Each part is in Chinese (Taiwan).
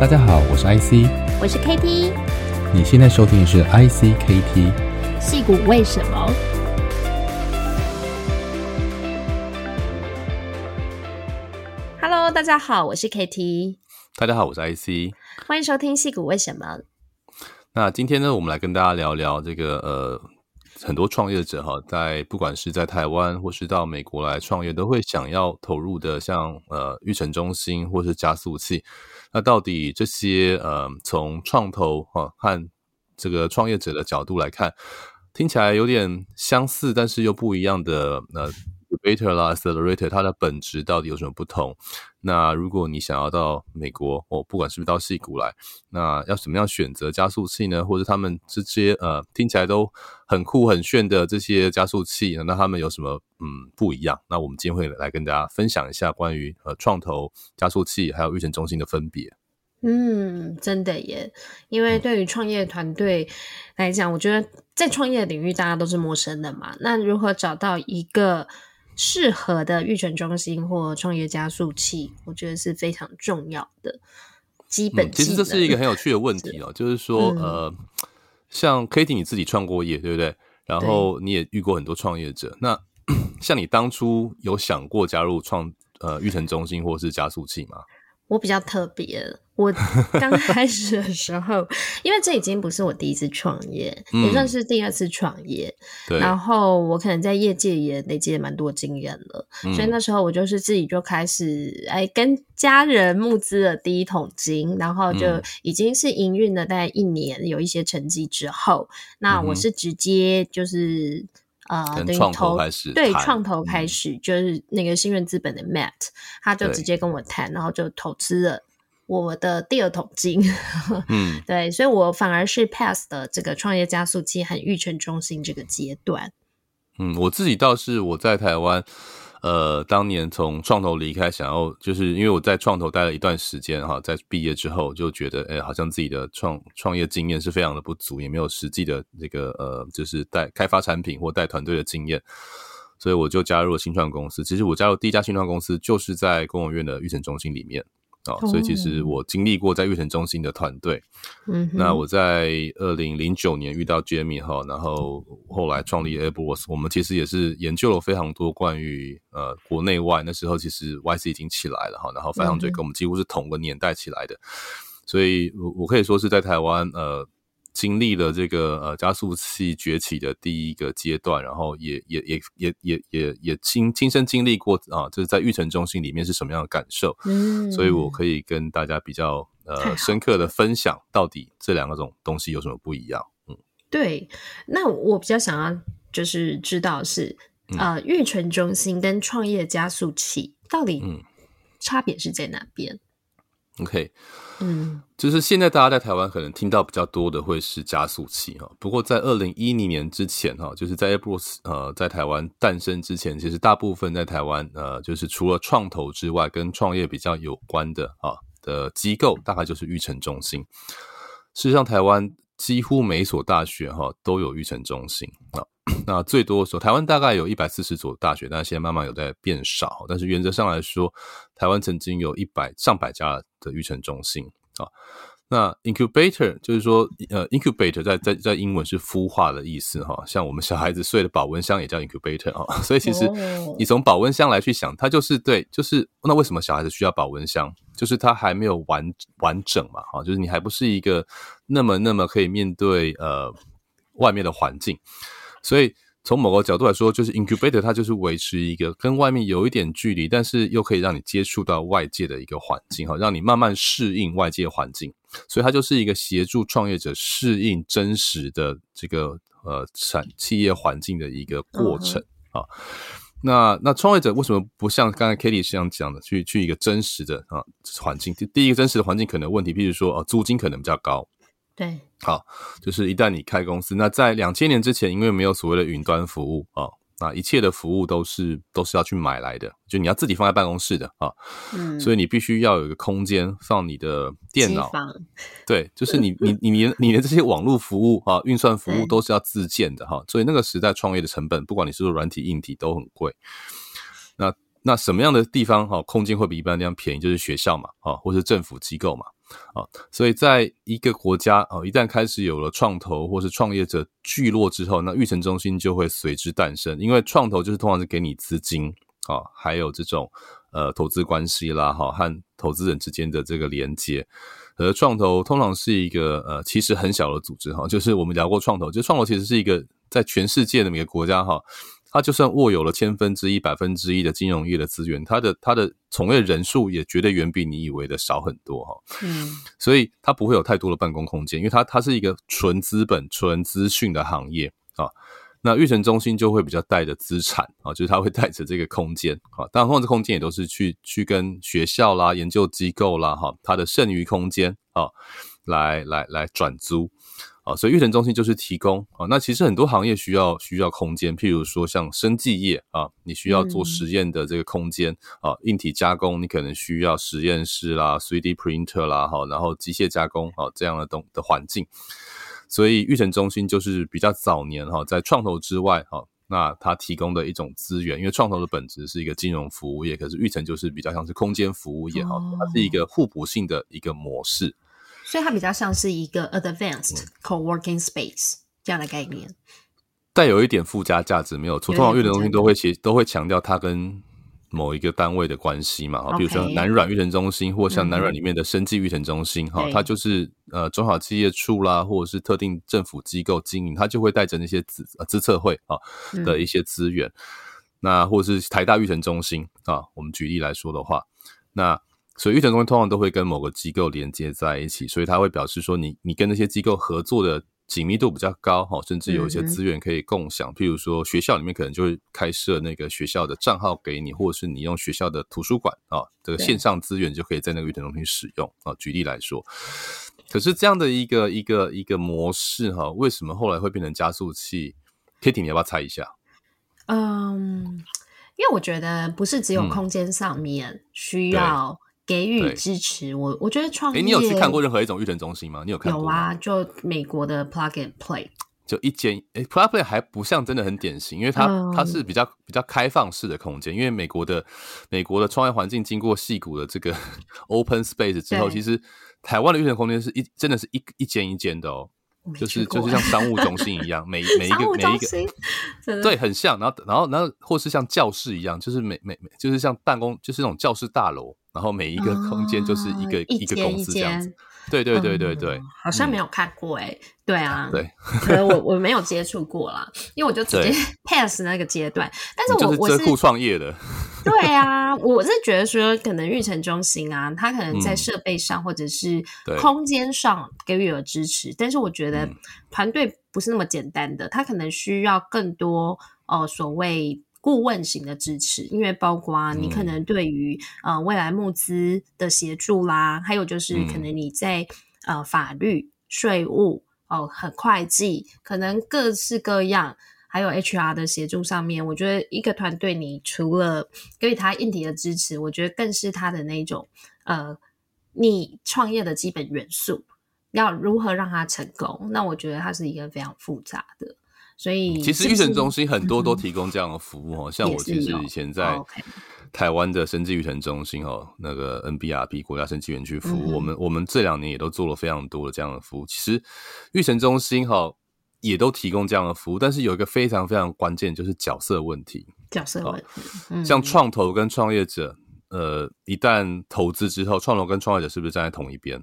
大家好，我是 IC，我是 KT，你現在收聽的是 ICKT，矽谷為什麼？Hello，大家好，我是 KT。大家好，我是 IC。歡迎收聽《矽谷為什麼》Hello,。麼那今天呢，我們來跟大家聊聊這個呃，很多創業者哈，在不管是在台灣或是到美國來創業，都會想要投入的像，像呃，育成中心或是加速器。那到底這些，呃，從創投啊和這個創業者的角度來看，聽起來有點相似，但是又不一樣的，呃，reator 啦，accelerator，它的本質到底有什麼不同？那如果你想要到美國，哦，不管是不是到矽谷來，那要怎麼樣選擇加速器呢？或者是他們這些呃聽起來都很酷、很炫的這些加速器呢，那他們有什麼嗯不一樣？那我們今天會來跟大家分享一下關於呃創投加速器還有育成中心的分別。嗯，真的耶，因為對於創業團隊來講，嗯、我覺得在創業領域大家都是陌生的嘛。那如何找到一個適合的育成中心或創業加速器，我覺得是非常重要的基本、嗯。其實這是一個很有趣的問題哦，對就是說，嗯、呃，像 KT 你自己創過業，對不對？然後你也遇過很多創業者。對那像你當初有想過加入創呃育成中心或是加速器嗎？我比較特別。 我剛開始的時候，因為這已經不是我第一次創業，嗯、也算是第二次創業。對然後我可能在業界也累積了蠻多經驗了，嗯、所以那時候我就是自己就開始哎，跟家人募資了第一桶金，然後就已經是營運了大概一年，嗯、有一些成績之後，那我是直接就是、嗯、哼呃等於投創投對，創投開始、嗯、哼就是那個心元資本的 Matt，他就直接跟我談，對然後就投資了。我的第二桶金，嗯， 對，所以我反而是 pass 的這個創業加速器和育成中心這個階段。嗯，我自己倒是我在台灣，呃，當年從創投離開，想要就是因為我在創投待了一段時間哈，在畢業之後就覺得，哎、欸，好像自己的創創業經驗是非常的不足，也沒有實際的這個呃，就是帶開發產品或帶團隊的經驗，所以我就加入了新創公司。其實我加入第一家新創公司就是在工研院的育成中心裡面。啊、哦，所以其實我經歷過在育成中心的團隊，嗯哼，那我在二零零九年遇到 Jamie 哈，然後後來創立 AppWorks，我們其實也是研究了非常多關於呃國內外，那時候其實 YC 已經起來了哈，然後非常嘴跟我們幾乎是同個年代起來的，嗯、哼所以我我可以說是在台灣呃。經歷了這個呃加速器崛起的第一個階段，然後也也也也也也也親親身經歷過啊，就是在育成中心裡面是什麼樣的感受，嗯，所以我可以跟大家比較呃深刻的分享到底這兩種東西有什麼不一樣，嗯，對，那我比較想要就是知道是、嗯、呃育成中心跟創業加速器到底嗯差別是在哪邊。嗯嗯 OK，嗯，就是現在大家在台灣可能聽到比較多的會是加速器哈、啊，不過在二零一零年之前哈、啊，就是在 AppWorks 呃在台灣誕生之前，其實大部分在台灣呃就是除了創投之外，跟創業比較有關的啊的機構，大概就是育成中心。事實上，台灣。幾乎每所大學哈都有育成中心啊，那最多的時候，台灣大概有一百四十所大學，但現在慢慢有在變少。但是原則上來說，台灣曾經有一百上百家的育成中心啊。那 incubator 就是說，呃，incubator 在在在英文是孵化的意思哈，像我們小孩子睡的保溫箱也叫 incubator 哈，所以其實你從保溫箱來去想，它就是對，就是那為什麼小孩子需要保溫箱？就是它還沒有完完整嘛，哈，就是你還不是一個那麼那麼可以面對呃外面的環境，所以。從某個角度來說，就是 incubator，它就是維持一個跟外面有一點距離，但是又可以讓你接觸到外界的一個環境哈，讓你慢慢適應外界環境，所以它就是一個協助創業者適應真實的這個呃產企業環境的一個過程、嗯、嘿啊。那那創業者為什麼不像剛才 KT 這樣講的，去去一個真實的啊環境？第一個真實的環境可能問題，譬如說哦、呃，租金可能比較高。對，好，就是一旦你開公司，那在兩千年之前，因為沒有所謂的雲端服務啊、哦，那一切的服務都是都是要去買來的，就你要自己放在辦公室的啊，哦嗯、所以你必須要有一個空間放你的電腦，房對，就是你你你你的你連這些網絡服務啊、哦、運算服務都是要自建的哈對、哦，所以那個時代創業的成本，不管你是做軟體、硬體都很貴。那那什麼樣的地方哈、哦，空間會比一般的地方便宜，就是學校嘛，啊、哦，或是政府機構嘛。啊，所以在一個國家一旦開始有了創投或是創業者聚落之後，那育成中心就會隨之誕生。因為創投就是通常是給你資金啊，還有這種呃投資關係啦，哈，和投資人之間的這個連接。而創投通常是一個呃，其實很小的組織哈，就是我們聊過創投，就是、創投其實是一個在全世界的每個國家哈。他就算握有了千分之一、百分之一的金融業的資源，他的他的從業人數也絕對遠比你以為的少很多哈。嗯，所以他不會有太多的辦公空間，因為他他是一個純資本、純資訊的行業啊。那育成中心就會比較帶着資產啊，就是他會帶着這個空間啊，當然，控制空間也都是去去跟學校啦、研究機構啦哈，它啊，的剩餘空間啊，來來來轉租。啊，所以育成中心就是提供啊，那其實很多行業需要需要空間，譬如說像生技業啊，你需要做實驗的這個空間啊，嗯、硬體加工你可能需要實驗室啦、3D printer 啦，哈，然後機械加工啊這樣的東的環境。所以育成中心就是比較早年哈，在創投之外哈，那它提供的一種資源，因為創投的本質是一個金融服務業，可是育成就是比較像是空間服務業哈，哦、它是一個互補性的一個模式。所以它比較像是一個 advanced coworking space、嗯、這樣的概念，帶有一點附加價值沒有？的通統育成中心都會其實都會強調它跟某一個單位的關係嘛，比 Okay. 如說南軟育成中心，或像南軟裡面的生技育成中心，哈、嗯，它就是對呃中小企業處啦，或者是特定政府機構經營，它就會帶着那些資資、呃、資策會啊的一些資源，嗯、那或者是台大育成中心啊，我們舉例來說的話，那。所以育成中心通常都會跟某個機構連接在一起，所以他會表示說你，你你跟那些機構合作的緊密度比較高，哈，甚至有一些資源可以共享。嗯、譬如說，學校裡面可能就會開設那個學校的賬號給你，或者是你用學校的圖書館啊，這個線上資源就可以在那個育成中心使用啊。對舉例來說，可是這樣的一個一個一個模式哈，為什麼後來會變成加速器？Kitty，你要不要猜一下？嗯，因為我覺得不是只有空間上面需要、嗯。給予支持對我，我覺得創業。哎，你有去看過任何一種育成中心嗎？你有看過嗎？有啊，就美國的 Plug and Play，就一間。哎，Plug and Play 還不像真的很典型，因為它，um, 它是比較比較開放式的空間。因為美國的美國的創業環境經過矽谷的這個 Open Space 之後，對其實台灣的育成空間是一真的是一一間一間的哦，就是就是像商務中心一樣， 每每一個每一個，對，很像。然後然後然後或是像教室一樣，就是每每每就是像辦公，就是那種教室大樓。然後每一個空間就是一個、哦、一間一間一個，對對對對對，嗯、好像沒有看過誒、欸。嗯、對啊，對，可能我 我沒有接觸過啦，因為我就直接 pass 那個階段。對但是我我是創業的，對啊，我是覺得說可能育成中心啊，他可能在設備上或者是空間上給予的支持，嗯、但是我覺得團隊不是那麼簡單的，他可能需要更多哦、呃，所謂。顧問型的支持，因為包括你可能對於、嗯、呃未來募資的協助啦，還有就是可能你在、嗯、呃法律、稅務、哦、呃、和會計，可能各式各樣，還有 HR 的協助上面，我覺得一個團隊，你除了給予他硬體的支持，我覺得更是他的那種呃，你創業的基本元素，要如何讓他成功？那我覺得它是一個非常複雜的。所以，其實育成中心很多都提供這樣的服務哦，嗯、像我其實以前在台灣的生技育成中心哦，okay、那個 NBRP 國家生技園區服務，嗯、我們我們這兩年也都做了非常多的這樣的服務。其實育成中心哈，也都提供這樣的服務，但是有一個非常非常關鍵就是角色問題，角色問題，好嗯、像創投跟創業者，呃，一旦投資之後，創投跟創業者是不是站在同一邊？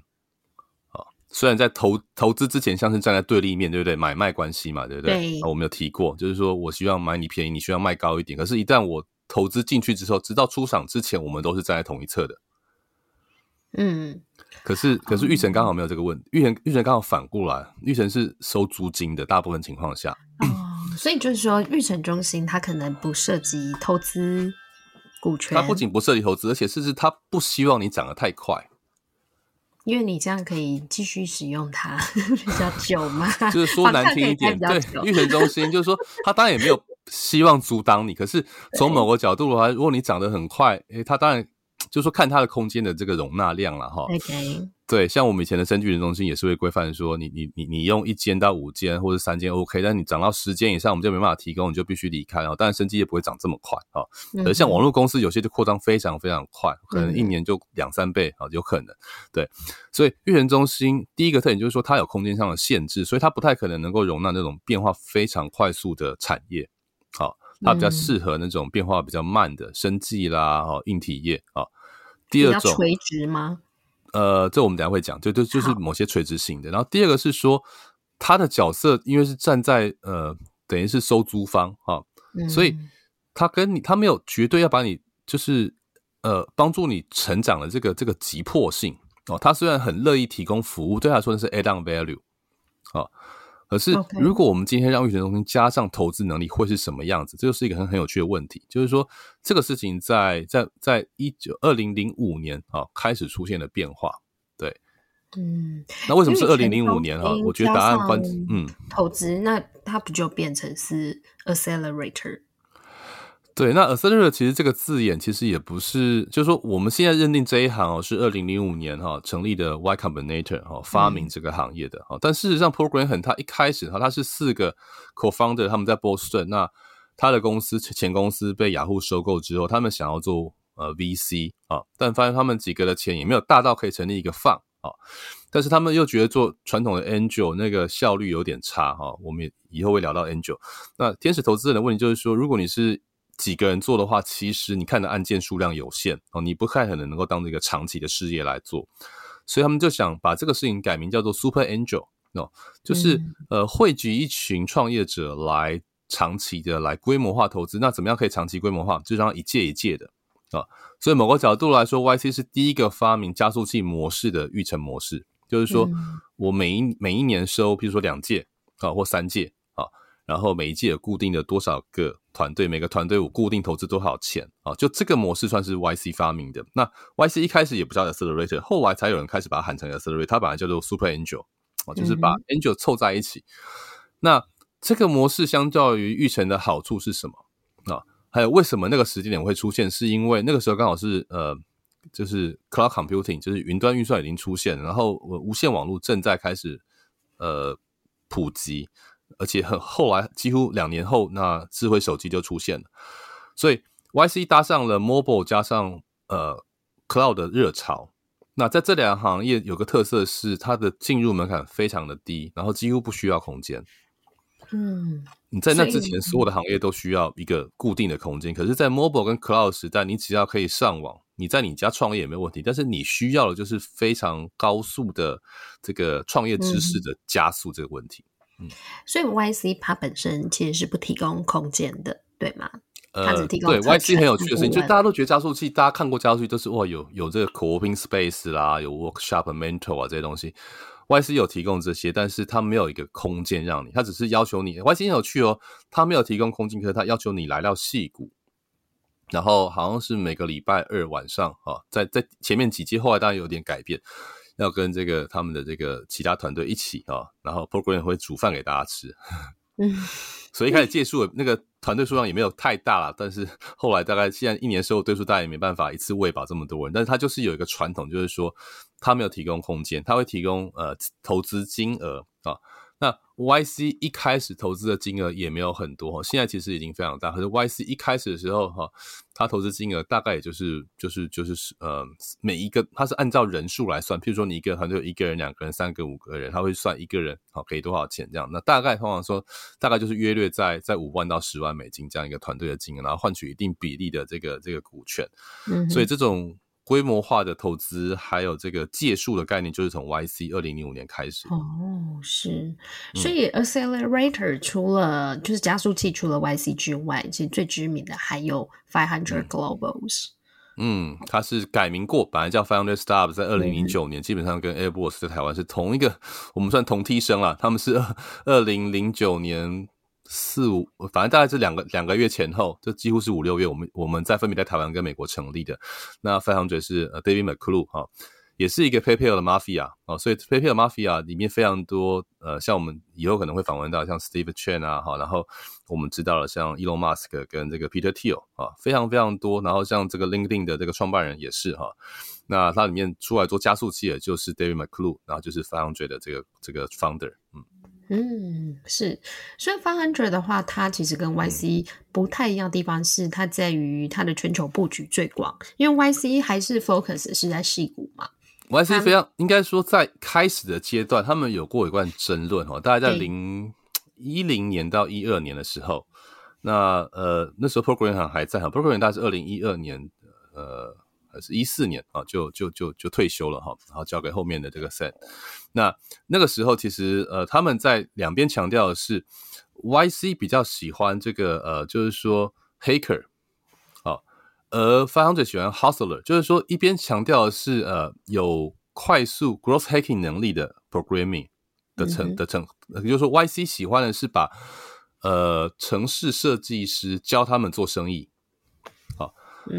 雖然在投投資之前，像是站在對立面，對不對？買賣關係嘛，對不對？對。我沒有提過，就是說我希望買你便宜，你需要賣高一點。可是，一旦我投資進去之後，直到出場之前，我們都是站在同一側的。嗯可，可是可是育成剛好沒有這個問題，育、嗯、成育成剛好反過來了，育成是收租金的，大部分情況下 、哦。所以就是說，育成中心他可能不涉及投資股權，他不僅不涉及投資，而且甚至他不希望你漲得太快。因為你這樣可以繼續使用它比較久嘛， 就是說難聽一點，對，育成 中心就是說，他當然也沒有希望阻擋你。 可是從某個角度的話，如果你長得很快，誒，他當然就是說看它的空間的這個容納量了哈。Okay. 對，像我們以前的生技育成中心也是會規範說你，你你你你用一間到五間或者三間 OK，但你漲到十間以上，我們就沒辦法提供，你就必須離開。哦，當然生技也不會漲這麼快啊。呃、哦，可是像網絡公司有些就擴張非常非常快，嗯、可能一年就兩三倍啊、嗯哦，有可能。對，所以育成中心第一個特點就是說它有空間上的限制，所以它不太可能能夠容納那種變化非常快速的產業。好、哦，它比較適合那種變化比較慢的生技啦，哦，硬體業啊、哦。第二種比較垂直嗎？呃，這我們等下會講，就就就是某些垂直性的。好然後第二個是說，他的角色因為是站在呃，等於是收租方啊，哦嗯、所以他跟你他沒有絕對要把你就是呃幫助你成長的這個這個急迫性哦。他雖然很樂意提供服務，對他來說的是 add-on value 哦。可是，如果我們今天讓育成中心加上投資能力，會是什麼樣子？Okay. 這個是一個很很有趣的問題。就是說，這個事情在在在一九二零零五年啊、哦、開始出現了變化。對，嗯，那為什麼是二零零五年哈？我覺得答案關嗯投資，嗯、那它不就變成是 accelerator？對，那 accelerator 其實這個字眼其實也不是，就是說我們現在認定這一行哦，是二零零五年哈，哦、成立的 Y Combinator 哈，哦、發明這個行業的哈。嗯、但事實上 Program 他一開始哈，他是四個 co-founder 他們在 Boston，那他的公司前公司被雅虎、ah、收購之後，他們想要做呃 VC 啊，哦，但發現他們幾個的錢也沒有大到可以成立一個 fund 啊，哦。但是他們又覺得做傳統的 angel 那個效率有點差哈，哦。我們以後會聊到 angel，那天使投資人的問題就是說，如果你是幾個人做的話，其實你看的案件數量有限哦，你不太可能能夠當這個長期的事業來做。所以他們就想把這個事情改名叫做 Super Angel，哦，就是、嗯、呃匯聚一群創業者來長期的來規模化投資。那怎麼樣可以長期規模化？就讓他一屆一屆的啊、哦。所以某個角度來說，YC 是第一個發明加速器模式的育成模式，就是說我每一、嗯、每一年收，譬如說兩屆啊、哦、或三屆。然後，每一季有固定的多少個團隊，每個團隊我固定投資多少錢啊，就這個模式算是 YC 發明的。那 YC 一開始也不叫 accelerator，後來才有人開始把它喊成 accelerator。它本來叫做 super angel，啊，就是把 angel 湊在一起。嗯、哼那這個模式相較於育成的好處是什麼啊？還有為什麼那個時間點會出現？是因為那個時候剛好是呃，就是 cloud computing，就是雲端運算已經出現，然後無線網絡正在開始呃普及。而且很後來，幾乎兩年後，那智慧手機就出現了。所以，YC 搭上了 mobile 加上呃 cloud 的熱潮。那在這兩個行業有個特色是，它的進入門檻非常的低，然後幾乎不需要空間。嗯，你在那之前，所有的行業都需要一個固定的空間。可是，在 mobile 跟 cloud 時代，你只要可以上網，你在你家創業也沒問題。但是，你需要的就是非常高速的這個創業知識的加速這個問題。嗯嗯、所以，Y C 它本身其實是不提供空間的，對嗎？它只、呃、提供。對，Y C 很有趣的事情，嗯、就大家都覺得加速器，大家看過加速器都是哇，有有這個 co-working space 啦，有 workshop mentor 啊這些東西，Y C 有提供這些，但是它沒有一個空間讓你，它只是要求你。Y C 很有趣哦，它沒有提供空間，可是它要求你來到矽谷，然後好像是每個禮拜二晚上啊、哦，在在前面幾期後來當然有點改變。要跟這個他們的這個其他團隊一起啊、哦，然後 program 會煮飯給大家吃， 所以一開始借宿那個團隊數量也沒有太大了，但是後來大概現在一年收入對數大概也沒辦法一次餵飽這麼多人，但是他就是有一個傳統，就是說他沒有提供空間，他會提供呃投資金額啊。哦那 YC 一開始投資的金額也沒有很多哈，現在其實已經非常大。可是 YC 一開始的時候，哈，他投資金額大概也就是就是就是呃，每一個他是按照人數來算，譬如說你一個團隊有一個人、兩個人、三個、五個人，他會算一個人好給多少錢這樣。那大概通常說，大概就是約略在在五萬到十萬美金這樣一個團隊的金額，然後換取一定比例的這個這個股權。嗯，所以這種。嗯規模化的投資，還有這個借數的概念，就是從 YC 二零零五年開始。哦，是，所以 accelerator 除了就是加速器，除了 YC 之外，其實最知名的還有 Five Hundred Globals 嗯，嗯，它是改名過，本來叫500 Startups，在二零零九年基本上跟 AppWorks 在台灣是同一個，我們算同梯生啦。他們是二二零零九年。四五，反正大概這兩個兩個月前後，這幾乎是五六月，我們我們在分別在台灣跟美國成立的。那 Foundry 是呃 David McClure 啊，也是一個 PayPal 的 Mafia 啊，l、ia，所以 PayPal Mafia 裡面非常多呃，像我們以後可能會訪問到像 Steve Chen 啊，哈，然後我們知道了像 Elon Musk 跟這個 Peter Thiel 啊，非常非常多，然後像這個 LinkedIn Link 的這個創辦人也是哈，那它裡面出來做加速器的就是 David McClure，然後就是 Foundry 的這個這個 founder。嗯，是，所以 five hundred 的話，它其實跟 Y C 不太一樣的地方是，它在於它的全球佈局最廣，因為 Y C 還是 focus 是在矽谷嘛。Y C 非常、嗯、應該說，在開始的階段，他們有過一段爭論哦，大概在零一零年到一二年的時候，那呃那時候 Program 行還，還在哈，Program 大概是二零一二年呃。是一四年啊，就就就就退休了哈，然後交給後面的這個 Sam，那那個時候，其實呃，他們在兩邊強調的是 YC 比較喜歡這個呃，就是說 hacker u、啊、而發行者喜歡 Hustler，就是說一邊強調的是呃有快速 growth hacking 能力的 programming 的成的成，也、mm hmm. 呃、就是說 YC 喜歡的是把呃程式設計師教他們做生意。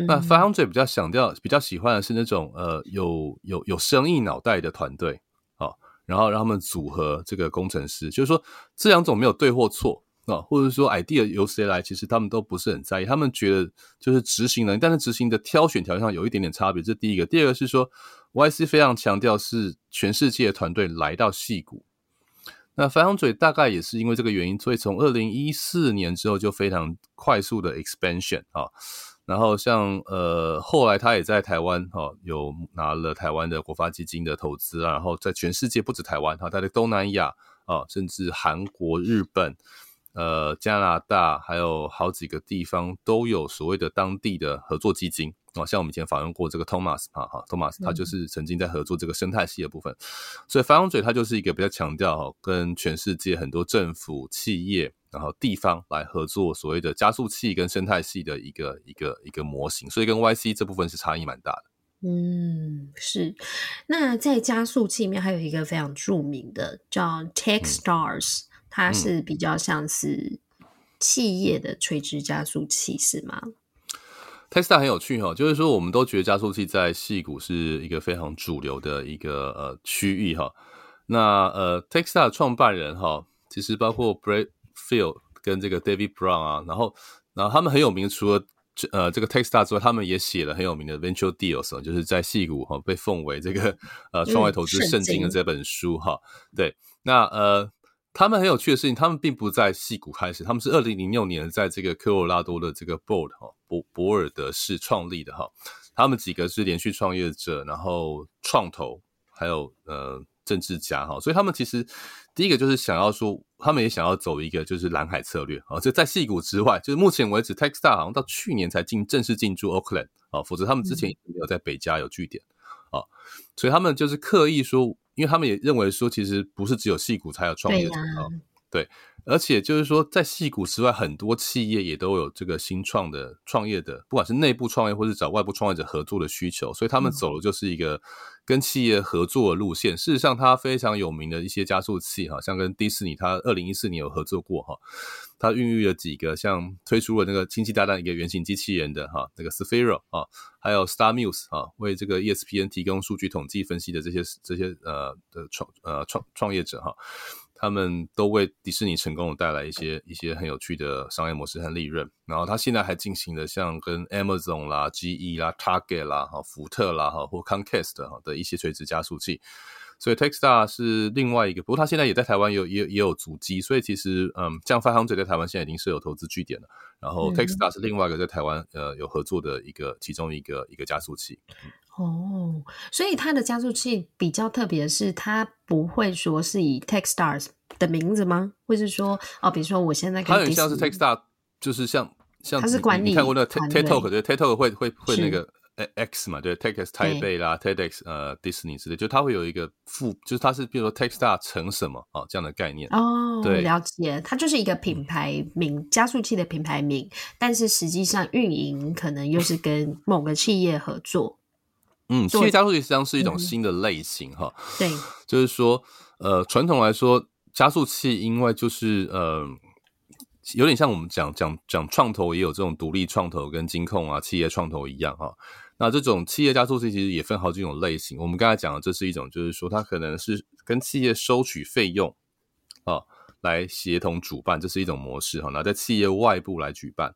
那500比較強調、比較喜歡的是那種呃有有有生意腦袋的團隊啊，然後讓他們組合這個工程師，就是說這兩種沒有對或錯啊、哦，或者說 idea 由誰來，其實他們都不是很在意，他們覺得就是執行能力，但是執行的挑選條件上有一點點差別，這第一個。第二個是說，YC 非常強調是全世界的團隊來到矽谷，那500大概也是因為這個原因，所以從二零一四年之後就非常快速的 expansion 啊、哦。然後像呃，後來他也在台灣哈、哦，有拿了台灣的國發基金的投資啊，然後在全世界不止台灣哈啊，他在東南亞啊，甚至韓國、日本、呃，加拿大，還有好幾個地方都有所謂的當地的合作基金。好像我們以前訪問過這個 Thomas 哈，哈，Thomas 他就是曾經在合作這個生態系的部分，嗯、所以反 l 嘴它就是一個比較強調跟全世界很多政府、企業、然後地方來合作，所謂的加速器跟生態系的一個一個一個模型，所以跟 YC 這部分是差異蠻大的。嗯，是。那在加速器裡面還有一個非常著名的叫 Techstars、嗯、它是比較像是企業的垂直加速器，是嗎？Techstars 很有趣哈，就是說我們都覺得加速器在矽谷是一個非常主流的一個呃區域哈。那呃 Techstars 創辦人哈，其實包括 Brad Feld 跟這個 David Brown 啊，然後然後他們很有名，除了呃這個 Techstars 之外，他們也寫了很有名的《Venture Deals》，就是在矽谷哈被奉為這個呃創業投資聖經的這本書哈。嗯、對，那呃。他們很有趣的事情，他們並不在矽谷開始，他們是二零零六年在這個科羅拉多的這個 Boulder 博爾哈博博爾德市創立的哈。他們幾個是連續創業者，然後創投，還有呃政治家哈。所以他們其實第一個就是想要說，他們也想要走一個就是藍海策略啊，就在矽谷之外。就是目前為止，Techstar 好像到去年才進正式進駐奧克蘭啊，否則他們之前也沒有在北加有據點啊。所以他們就是刻意說。因為他們也認為說，其實不是只有矽谷才有創業者啊，對，而且就是說，在矽谷之外，很多企業也都有這個新創的、創業的，不管是內部創業或是找外部創業者合作的需求，所以他們走的就是一個。嗯跟企業合作的路線，事實上，它非常有名的一些加速器，哈，像跟迪士尼，它二零一四年有合作過，哈，它孕育了幾個，像推出了那個星際大戰一個原型機器人的哈，那個 Sphero 啊，還有 Star Muse 啊，為這個 ESPN 提供數據統計分析的這些這些呃的創呃創創業者哈。他們都為迪士尼成功的帶來一些一些很有趣的商業模式和利潤，然後他現在還進行了像跟 Amazon 啦、GE 啦、Target 啦、哈福特啦、哈或 Comcast 哈的一些垂直加速器。所以 Techstars 是另外一個，不過它現在也在台灣也有也也有足跡，所以其實嗯，像發航者在台灣現在已經是有投資據點了，然後 Techstars 是另外一個在台灣呃有合作的一個其中一個一個加速器。哦，所以它的加速器比較特別是，它不會說是以 Techstars 的名字嗎？或是說哦，比如說我現在可可它很像是 Techstars 就是像像它是管理你看過那 Tatal 隊對 Tatal 會會會那個。X 嘛，對，Techstars 台北啦，Techstars Okay. 呃 Disney 之類，就它會有一個副，就是它是比如說 Techstars 成什麼啊、哦，這樣的概念。哦、oh, 對，了解，它就是一個品牌名、嗯、加速器的品牌名，但是實際上運營可能又是跟某個企業合作。 嗯，企業加速器實際上是一種新的類型哈。嗯、吼對，就是說呃，傳統來說加速器因為就是呃，有點像我們講講講創投也有這種獨立創投跟金控啊企業創投一樣哈。那這種企業加速器其實也分好幾種類型。我們剛才講的這是一種，就是說它可能是跟企業收取費用啊，來協同主辦，這是一種模式哈。那在企業外部來舉辦，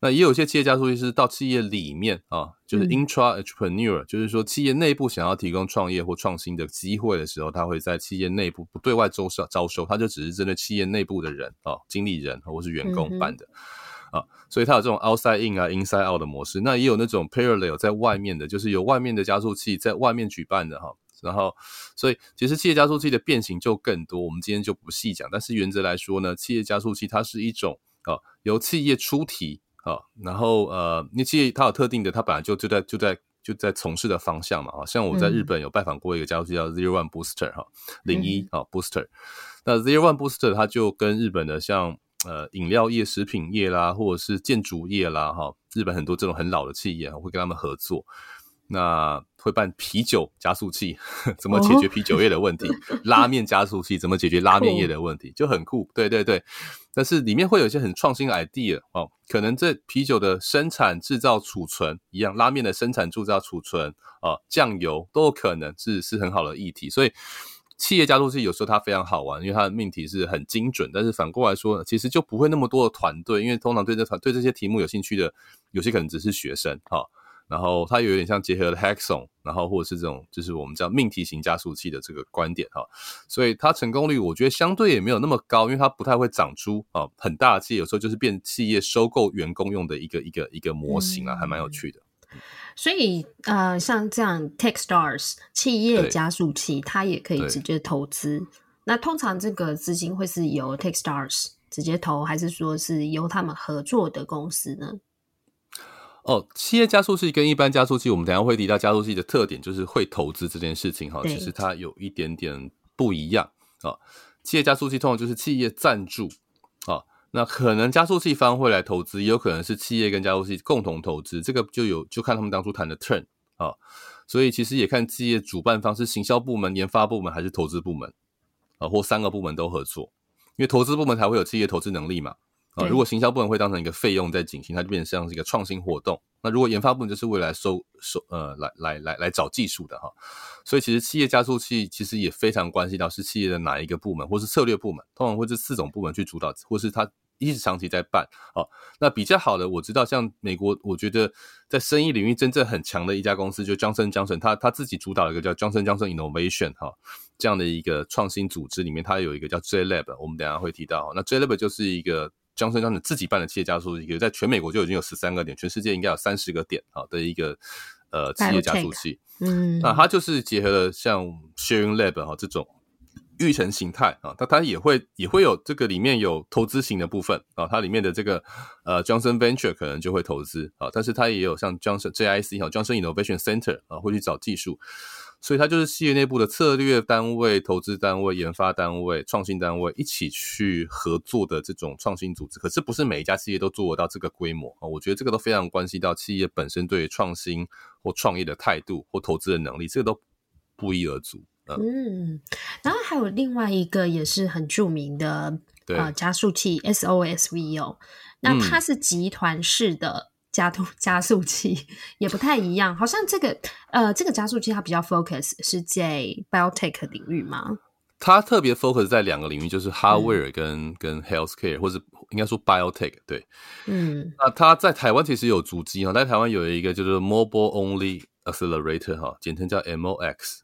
那也有一些企業加速器是到企業裡面啊，就是 Intra Entrepreneur，就是說企業內部想要提供創業或創新的機會的時候，他會在企業內部不對外招收招收，他就只是針對企業內部的人啊，經理人或者是員工辦的。嗯嗯啊，所以它有這種 outside in 啊，inside out 的模式，那也有那種 parallel 在外面的，就是由外面的加速器在外面舉辦的哈、啊。然後，所以其實企業加速器的變形就更多，我們今天就不細講。但是原則來說呢，企業加速器它是一種啊，由企業出題啊，然後呃，那企業它有特定的，它本來就就在就在就在從事的方向嘛啊。像我在日本有拜訪過一個加速器叫 Zero One Booster 哈、啊，零一、嗯、啊 Booster。那 Zero One Booster 它就跟日本的像。呃，飲料業、食品業啦，或者是建築業啦，哈、哦，日本很多這種很老的企業，我會跟他們合作。那會辦啤酒加速器呵，怎麼解決啤酒業的問題？Oh. 拉麵加速器， 怎麼解決拉麵業的問題？就很酷，對對對。但是裡面會有一些很創新 idea 哦，可能這啤酒的生產、製造、儲存一樣，拉麵的生產、製造、儲存啊、哦，醬油都有可能是是很好的議題，所以。企業加速器有時候它非常好玩，因為它的命題是很精準。但是反過來說，其實就不會那麼多的團隊，因為通常對這團對這些題目有興趣的，有些可能只是學生哈、啊。然後它也有點像結合了 Hackathon，然後或者是這種就是我們叫命題型加速器的這個觀點哈、啊。所以它成功率我覺得相對也沒有那麼高，因為它不太會長出啊很大的企業，有時候就是變企業收購員工用的一個一個一個模型啊，還蠻有趣的。嗯嗯。所以，呃，像這樣 Techstars 企業加速器，對它也可以直接投資。對那通常這個資金會是由 Techstars 直接投，還是說是由他們合作的公司呢？哦，企業加速器跟一般加速器，我們等下會提到加速器的特點，就是會投資這件事情哈。對其實它有一點點不一樣啊、哦。企業加速器通常就是企業贊助。那可能加速器方會來投資，也有可能是企業跟加速器共同投資，這個就有就看他們當初談的 turn 啊，所以其實也看企業主辦方是行銷部門、研發部門還是投資部門啊，或三個部門都合作，因為投資部門才會有企業投資能力嘛啊，對如果行銷部門會當成一個費用在進行，它就變成像是一個創新活動，那如果研發部門就是為了來收收呃來來來來找技術的哈、啊，所以其實企業加速器其實也非常關係到是企業的哪一個部門，或是策略部門，通常會這四種部門去主導，或是他。一直長期在辦啊、哦，那比較好的，我知道像美國，我覺得在生意領域真正很強的一家公司就 Johnson Johnson，就 Johnson Johnson，他他自己主導一個叫 Johnson Johnson Innovation 哈、哦、這樣的一個創新組織裡面，它有一個叫 J Lab，我們等一下會提到。那 J Lab 就是一個 Johnson Johnson 自己辦的企業加速器，在全美國就已經有十三個點，全世界應該有三十個點啊、哦、的一個呃企業加速器。嗯， 那它就是結合了像 Sharing Lab 哈、哦、這種。育成形態啊，它它也會也會有這個，裡面有投資型的部分啊，它裡面的這個呃 Johnson Venture 可能就會投資啊，但是它也有像 Johnson JIC 啊 Johnson Innovation Center 啊，會去找技術，所以它就是企業內部的策略單位、投資單位、研發單位、創新單位一起去合作的這種創新組織。可是不是每一家企業都做得到這個規模啊？我覺得這個都非常關係到企業本身對於創新或創業的態度或投資的能力，這個都不一而足。嗯，然後還有另外一個也是很著名的啊對、呃，加速器 SOSV O。S VO, 那它是集團式的加速、嗯、加速器，也不太一樣。好像這個呃這個加速器它比較 focus 是在 biotech 領域嗎？它特別 focus 在兩個領域，就是 hardware 跟、嗯、跟 healthcare，或是應該說 biotech。對，嗯，那、呃、它在台灣其實有主機哈，在、呃、台灣有一個就是 mobile only accelerator 哈、呃，簡稱叫 MOX。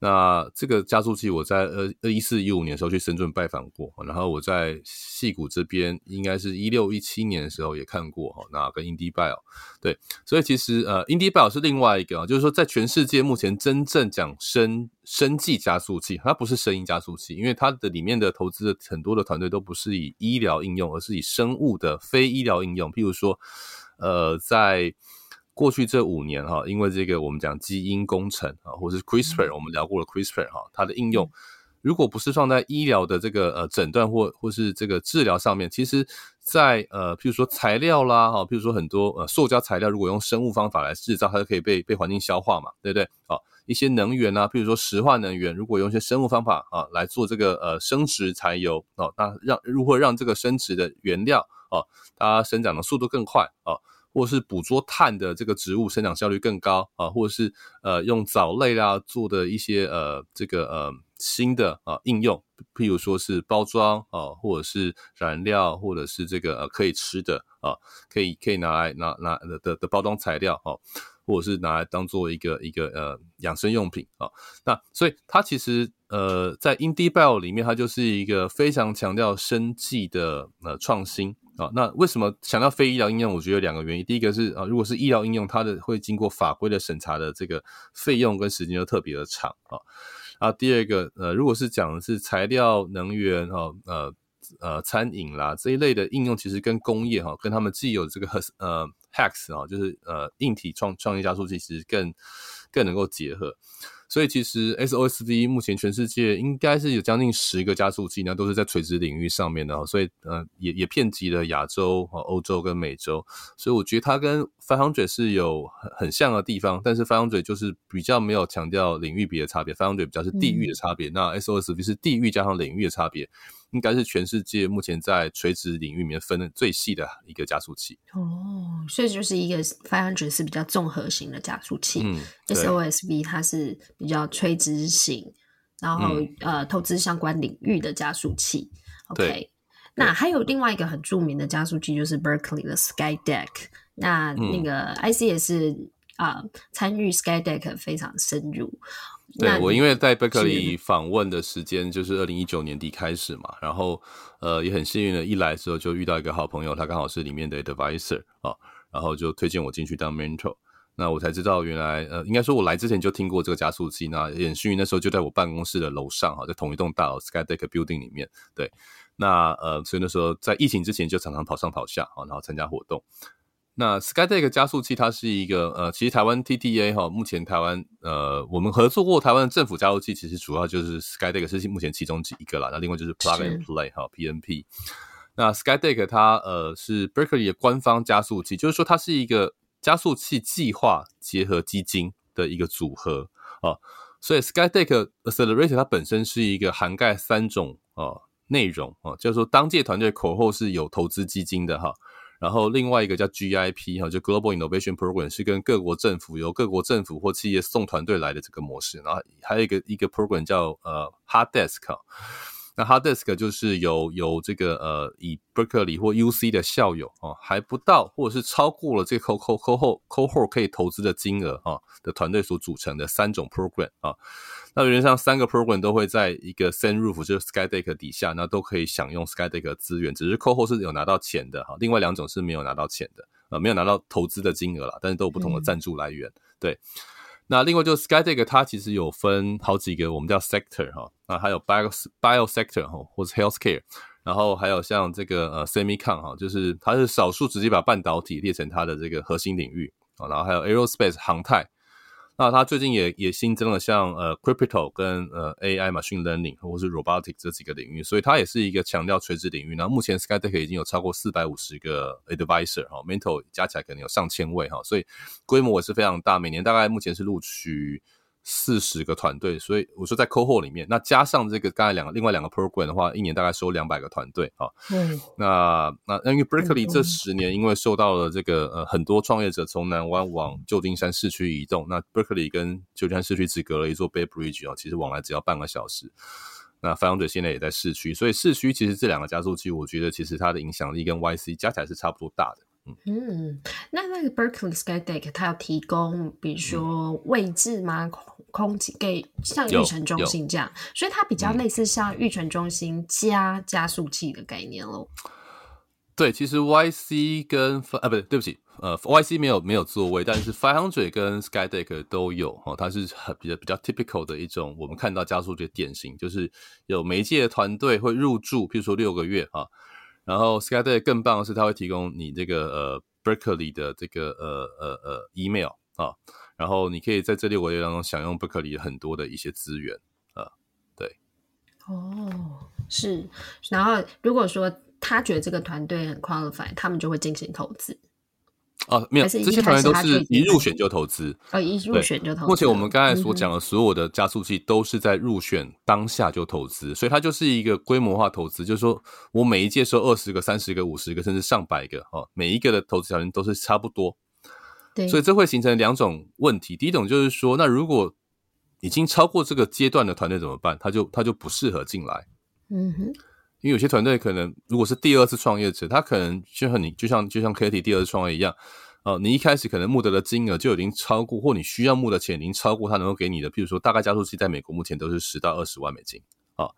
那這個加速器，我在二二一四一五年的時候去深圳拜訪過，然後我在矽谷這邊應該是一六一七年的時候也看過哈。那跟 IndieBio 對，所以其實呃，IndieBio 是另外一個啊，就是說在全世界目前真正講生生技加速器，它不是生醫加速器，因為它的裡面的投資的很多的團隊都不是以醫療應用，而是以生物的非醫療應用，譬如說呃在，.過去這五年哈，因為這個我們講基因工程啊，或是 CRISPR，我們聊過了 CRISPR 哈，它的應用，如果不是放在醫療的這個呃診斷或或是這個治療上面，其實在呃，譬如說材料啦哈，譬如說很多呃塑膠材料，如果用生物方法來製造，它就可以被被環境消化嘛，對不對？啊，一些能源啊，譬如說石化能源，如果用一些生物方法啊來做這個呃生質柴油哦，那讓，如何讓這個生質的原料，它生長的速度更快啊？或是捕捉碳的這個植物生長效率更高啊，或者是呃用藻類啦、啊、做的一些呃這個呃新的啊應用，譬如說是包裝啊，或者是燃料，或者是這個呃可以吃的啊，可以可以拿來拿拿的的包裝材料啊。或者是拿來當做一個一個呃養生用品啊。那所以它其實呃在 IndieBio 裡面，它就是一個非常強調生技的呃創新。好、哦、那為什麼想要非醫療應用？我覺得有兩個原因。第一個是啊，如果是醫療應用，它的會經過法規的審查的這個費用跟時間都特別的長啊、哦。啊，第二個呃，如果是講的是材料、能源、哈、哦、呃呃餐飲啦這一類的應用，其實跟工業哈、哦、跟他們既有這個 Hacks, 呃 Hacks、哦、就是呃硬體創創業加速器其實更更能夠結合。所以其實 SOSV 目前全世界應該是有將近十個加速器那，都是在垂直領域上面的，所以呃也也遍及了亞洲和、啊、歐洲跟美洲。所以我覺得它跟 Foundry 是有很很像的地方，但是 Foundry 就是比較沒有強調領域別的差別，Foundry 比較是地域的差別，那 SOSV 是地域加上領域的差別。應該是全世界目前在垂直領域裡面分的最細的一個加速器哦，所以就是一個500是比較綜合型的加速器。SO、嗯、SV 它是比較垂直型，然後、嗯、呃投資相關領域的加速器。OK，對那還有另外一個很著名的加速器就是 Berkeley 的 SkyDeck，那那個 IC 也是啊參與 SkyDeck 非常深入。對，我因為在 Berkeley 訪問的時間就是二零一九年底開始嘛，然後呃也很幸運的，一來的時候就遇到一個好朋友，他剛好是裡面的 advisor 啊、哦，然後就推薦我進去當 mentor，那我才知道原來呃應該說我來之前就聽過這個加速器，那也很幸運那時候就在我辦公室的樓上哈、哦，在同一棟大樓 SkyDeck Building 裡面，對，那呃所以那時候在疫情之前就常常跑上跑下啊、哦，然後參加活動。那 SkyDeck 加速器，它是一個呃，其實台灣 TTA 哈，目前台灣呃，我們合作過台灣政府加速器，其實主要就是 SkyDeck 是目前其中一個啦。那另外就是 Plug and Play 是哈 PNP。那 SkyDeck 它呃是 Berkeley 的官方加速器，就是說它是一個加速器計劃結合基金的一個組合啊。所以 SkyDeck Accelerator 它本身是一個涵蓋三種啊內容啊，就是說當屆團隊口後是有投資基金的哈。啊然後另外一個叫 GIP 哈，就 Global Innovation Program 是跟各國政府、由各國政府或企業送團隊來的這個模式。然後還有一個一個 program 叫呃 Hot Desk。那 Hard Desk 就是由由這個呃，以 Berkeley 或 UC 的校友啊，還不到或者是超過了這個 Coh、Cohort、Cohort 可以投資的金額啊的團隊所組成的三種 program 啊。那原則上三個 program 都會在一個 sand roof，就是 Skydeck 底下，那都可以享用 Skydeck 的資源。只是 Cohort 是有拿到錢的哈、啊，另外兩種是沒有拿到錢的啊，沒有拿到投資的金額啦，但是都有不同的贊助來源，嗯、對。那另外就是 SkyDeck，它其實有分好幾個，我們叫 sector 哈、哦，那還有 bio bio sector 哈、哦，或是 healthcare，然後還有像這個呃 semicon、哦、哈，就是它是少數直接把半導體列成它的這個核心領域啊、哦，然後還有 aerospace 航太。那它最近也也新增了像呃 crypto 跟呃 AI machine learning 或是 robotic 這幾個領域，所以它也是一個強調垂直領域。那目前 SkyDeck 已經有超過四百五十個 advisor 哈、哦、mentor 加起來可能有上千位哈、哦，所以規模也是非常大。每年大概目前是錄取四十個團隊，所以我說在 CoHo 裡面，那加上這個剛才兩個另外兩個 program 的話，一年大概收兩百個團隊啊。嗯，那那因為 Berkeley 這十年因為受到了這個、嗯、呃很多創業者從南灣往舊金山市區移動，那 Berkeley 跟舊金山市區只隔了一座 Bay Bridge 哦，其實往來只要半個小時。那 Founder 現在也在市區，所以市區其實這兩個加速器，我覺得其實它的影響力跟 YC 加起來是差不多大的。嗯，嗯那那個 Berkeley SkyDeck 它有提供，比如說位置嗎？嗯空氣給像育成中心這樣，所以它比較類似像育成中心加加速器的概念嘍、嗯。對，其實 YC 跟，啊不對，對不起，呃 YC 沒有沒有座位，但是500跟 SkyDeck 都有哦。它是比較比較 typical 的一種，我們看到加速器的典型就是有每一屆團隊會入駐，比如說六個月啊、哦。然後 SkyDeck 更棒的是，它會提供你這個呃 Berkeley 的這個呃呃呃 email 啊。E mail，哦然後你可以在這裡我也當中享用伯克利很多的一些資源，啊、呃，對，哦，是。然後如果說他覺得這個團隊很 qualified，他們就會進行投資。啊，沒有，這些團隊都是一入選就投資。以對哦，一入選就投資。而且我們剛才所講的、嗯、哼所有的加速器都是在入選當下就投資，所以它就是一個規模化投資，就是說我每一屆收二十個、三十個、五十個，甚至上百個，哈、呃，每一個的投資條件都是差不多。對所以這會形成兩種問題，第一種就是說，那如果已經超過這個階段的團隊怎麼辦？他就他就不適合進來。嗯哼，因為有些團隊可能如果是第二次創業者，他可能就像你，就像就像 KT 第二次創業一樣，呃、啊，你一開始可能募得的金額就已經超過，或你需要募的錢已經超過他能夠給你的，譬如說，大概加速器在美國目前都是十到二十萬美金啊。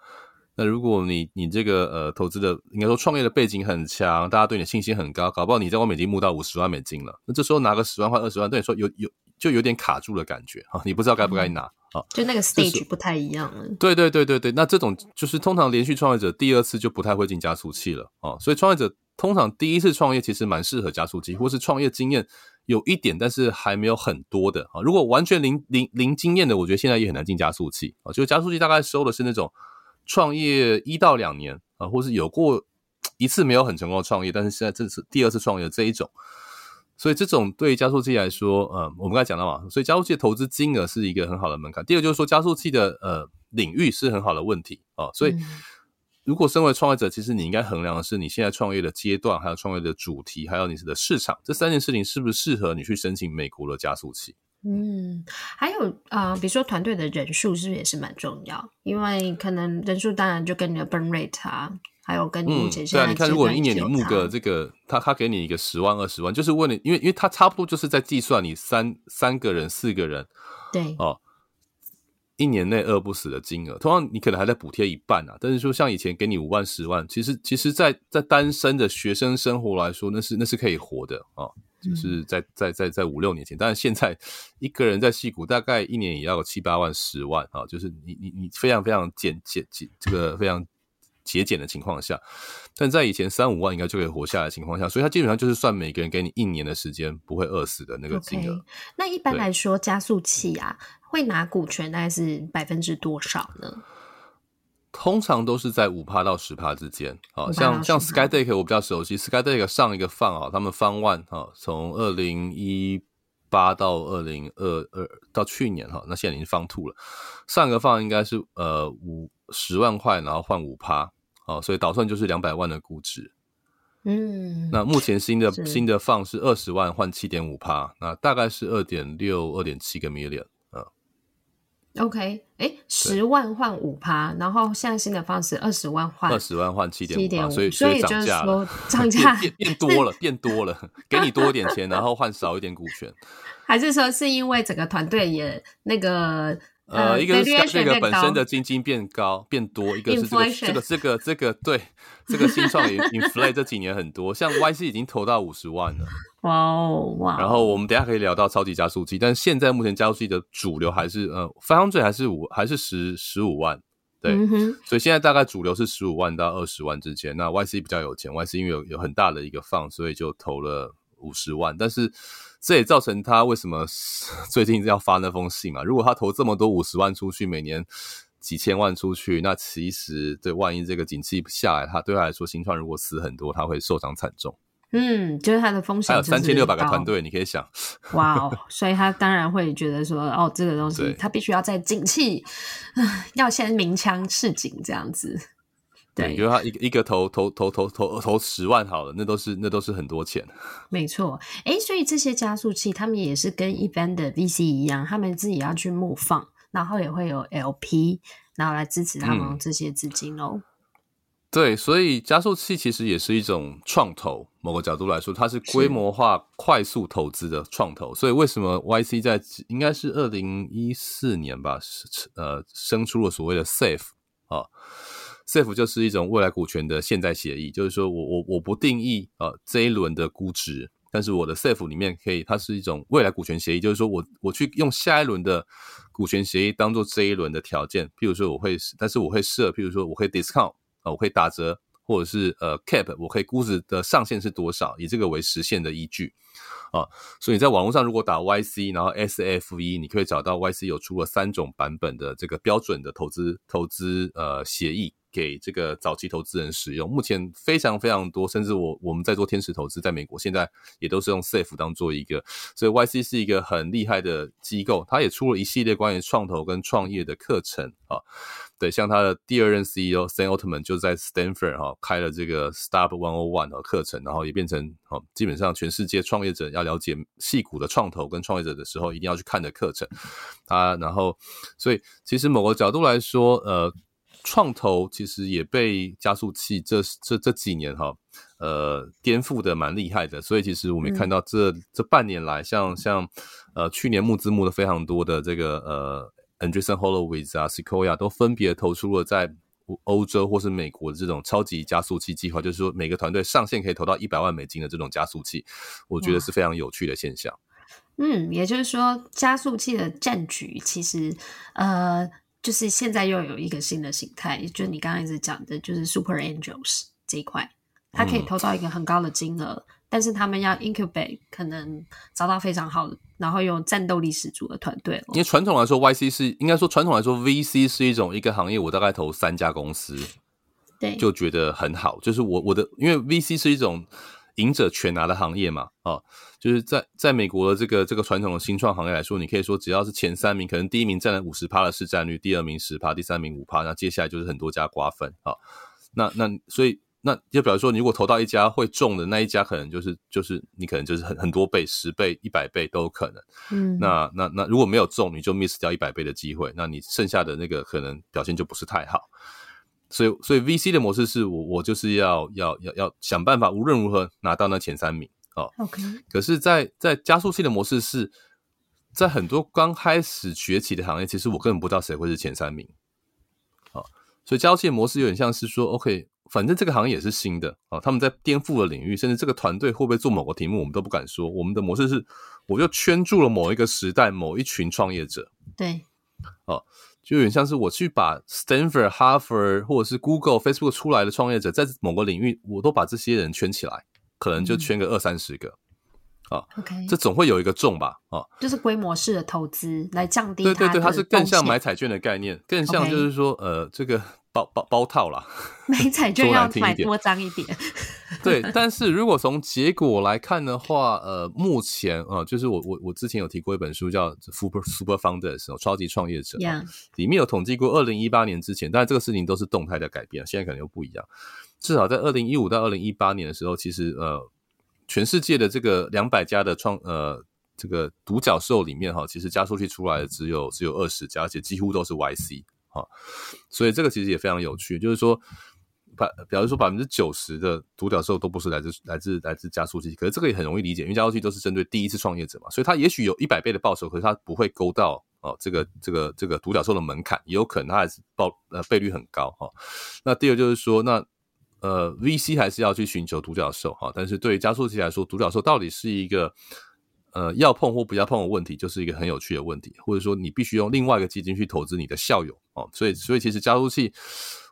那如果你你這個呃投資的應該說創業的背景很強，大家對你的信心很高，搞不好你在外面已經募到五十萬美金了。那這時候拿個十萬塊、二十萬，對你說有有就有點卡住的感覺啊，你不知道該不該拿啊。嗯，就那個 stage，就是，不太一樣。對對對對對，那這種就是通常連續創業者第二次就不太會進加速器了啊。所以創業者通常第一次創業其實蠻適合加速器，或是創業經驗有一點，但是還沒有很多的啊。如果完全零零零經驗的，我覺得現在也很難進加速器啊。就加速器大概收的是那種。創業一到兩年啊，或是有過一次沒有很成功的創業，但是現在這次第二次創業的這一種，所以這種對於加速器來說，呃，我們剛才講到嘛，所以加速器的投資金額是一個很好的門檻。第二就是說，加速器的呃領域是很好的問題啊。所以如果身為創業者，其實你應該衡量的是你現在創業的階段，還有創業的主題，還有你的市場，這三件事情是不是適合你去申請美國的加速器？嗯，還有啊、呃，比如說團隊的人數是不是也是蠻重要？因為可能人數當然就跟你的 burn rate 啊，還有跟你目前現在、嗯。對啊，你看，會如果一年你募個這個，他他會給你一個十萬、二十萬，就是問你因為因為他差不多就是在計算你三三個人、四個人，對哦，一年內餓不死的金額。同樣，你可能還在補貼一半啊。但是說像以前給你五萬、十萬，其實其實在，在在單身的學生生活來說，那是那是可以活的啊。哦就是在在在在五六年前，但是現在一個人在矽谷大概一年也要有七八萬、十萬啊，就是你你你非常非常減減減，這個非常節儉的情況下，但在以前三五萬應該就可以活下來的情況下，所以它基本上就是算每個人給你一年的時間不會餓死的那個金額。Okay, 那一般來說，加速器啊對會拿股權大概是百分之多少呢？通常都是在五趴到十趴之間，好像像 SkyDeck 我比較熟悉，SkyDeck 上一個放啊，他們放萬啊，從二零一八到二零二二到去年哈，那現在已經放吐了，上一個放應該是呃五十萬塊，然後換五趴啊，所以打算就是兩百萬的估值，嗯，那目前新的是新的放是二十萬換七點五趴，那大概是二點六二點七個 million。OK，誒，十萬換五趴，然後現在新的方式二十萬換二十萬換七點五趴，所以所以就是說漲價變變多了，變多了，給你多一點錢，然後換少一點股權，還是說是因為整個團隊也那個呃，一個是那個本身的金金變高變多，一個是這個這個這個對這個新創也 inflate 這幾年很多，像 YC 已經投到五十萬了。哇哦，wow, wow 然後我們等下可以聊到超級加速器，但現在目前加速器的主流還是呃，500還是五還是十十五萬，對，嗯、哼所以現在大概主流是十五萬到二十萬之間。那 YC 比較有錢，YC 因為有有很大的一個放，所以就投了五十萬，但是這也造成他為什麼最近要發那封信嘛？如果他投這麼多五十萬出去，每年幾千萬出去，那其實對，萬一這個景氣不下來，他對他來說，新創如果死很多，他會受傷慘重。嗯，就是他的風險有三千六百個團隊，哦、你可以想，哇哦！所以他當然會覺得說，哦，這個東西他必須要在景氣，對 要先鳴槍示警這樣子。對，比如他一個一個投投投投投投十萬好了，那都是那都是很多錢。沒錯，哎、欸，所以這些加速器他們也是跟一般的 VC 一樣，他們自己要去募放，然後也會有 LP，然後來支持他們這些資金哦。嗯對，所以加速器其實也是一種創投，某個角度來說，它是規模化、快速投資的創投。是所以為什麼 YC 在應該是二零一四年吧，呃生出了所謂的 SAFE 啊，SAFE 就是一種未來股權的現在協議，就是說我我我不定義呃、啊、這一輪的估值，但是我的 SAFE 裡面可以，它是一種未來股權協議，就是說我我去用下一輪的股權協議當做這一輪的條件，譬如說我會，但是我會設，譬如說我會 discount。啊，我可以打折，或者是呃 cap，我可以估值的上限是多少，以這個為實現的依據。啊，所以在網絡上如果打 YC，然後 SAFE，你可以找到 YC 有出了三種版本的這個標準的投資投資呃協議。給這個早期投資人使用，目前非常非常多，甚至我我們在做天使投資，在美國現在也都是用 Safe 當做一個，所以 YC 是一個很厲害的機構，它也出了一系列關於創投跟創業的課程啊、哦，對，像它的第二任 CEO Sam Altman 就在 Stanford 哈、哦、開了這個 Startup 101的課程，然後也變成哦，基本上全世界創業者要了解矽谷的創投跟創業者的時候，一定要去看的課程啊，然後所以其實某個角度來說，呃。創投其實也被加速器這這這幾年哈，呃，顛覆的蠻厲害的。所以其實我們看到這、嗯、這半年來像，像像呃去年募資募的非常多的這個呃，Andreessen Horowitz 啊、Sequoia 都分別投出了在歐洲或是美國的這種超級加速器計劃，就是說每個團隊上限可以投到一百萬美金的這種加速器，我覺得是非常有趣的現象。嗯，也就是說，加速器的戰局其實呃。就是現在又有一個新的形態，就是你剛剛一直講的，就是 Super Angels 這一塊，他可以投到一個很高的金額，嗯，但是他們要 incubate，可能找到非常好的，然後有戰鬥力十足的團隊哦。因為傳統來說，YC 是應該說，傳統來說 VC 是一種一個行業，我大概投三家公司，對，就覺得很好。就是我我的，因為 VC 是一種贏者全拿的行業嘛，哦。就是在在美國的這個這個傳統的新創行業來說，你可以說只要是前三名，可能第一名占了五十趴的市占率，第二名十趴，第三名五趴，那接下來就是很多家瓜分啊。那那所以那就表示說，你如果投到一家會中的那一家，可能就是就是你可能就是很很多倍，十倍、一百倍都有可能。嗯，那那那如果沒有中，你就 miss 掉一百倍的機會，那你剩下的那個可能表現就不是太好。所以所以 VC 的模式是我我就是要要要要想辦法無論如何拿到那前三名。哦，OK。可是，在在加速器的模式是，在很多剛開始崛起的行業，其實我根本不知道誰會是前三名。啊，所以加速器的模式有點像是說，OK，反正這個行業也是新的啊，他們在顛覆的領域，甚至這個團隊會不會做某個題目，我們都不敢說。我們的模式是，我就圈住了某一個時代、某一群創業者。對，啊，就有點像是我去把 Stanford、Harvard 或者是 Google、Facebook 出來的創業者，在某個領域，我都把這些人圈起來。可能就圈個二三十個，這總會有一個中吧、啊、就是規模式的投資來降低，對對對，它是更像買彩券的概念，更像就是說 Okay. 呃，這個包包包套啦，買彩券要買多張一點。對，但是如果從結果來看的話，呃，目前啊，就是我我我之前有提過一本書叫《Super Super Founders》哦，超級創業者，Yeah. 啊、裡面有統計過二零一八年之前，但是這個事情都是動態的改變，現在可能又不一樣。至少在二零一五到二零一八年的時候，其實呃，全世界的這個兩百家的創呃這個獨角獸裡面哈，其實加速器出來的只有只有二十家，而且幾乎都是 YC 啊、哦，所以這個其實也非常有趣，就是說百，比如說百分之九十的獨角獸都不是來自來自來自，來自加速器，可是這個也很容易理解，因為加速器都是針對第一次創業者嘛，所以他也許有一百倍的報酬，可是他不會勾到哦這個這個這個獨角獸的門檻，也有可能他還是報呃倍率很高哈、哦。那第二就是說那。呃，VC 還是要去尋求獨角獸哈，但是對於加速器來說，獨角獸到底是一個呃要碰或不要碰的問題，就是一個很有趣的問題，或者說你必須用另外一個基金去投資你的校友哦，所以所以其實加速器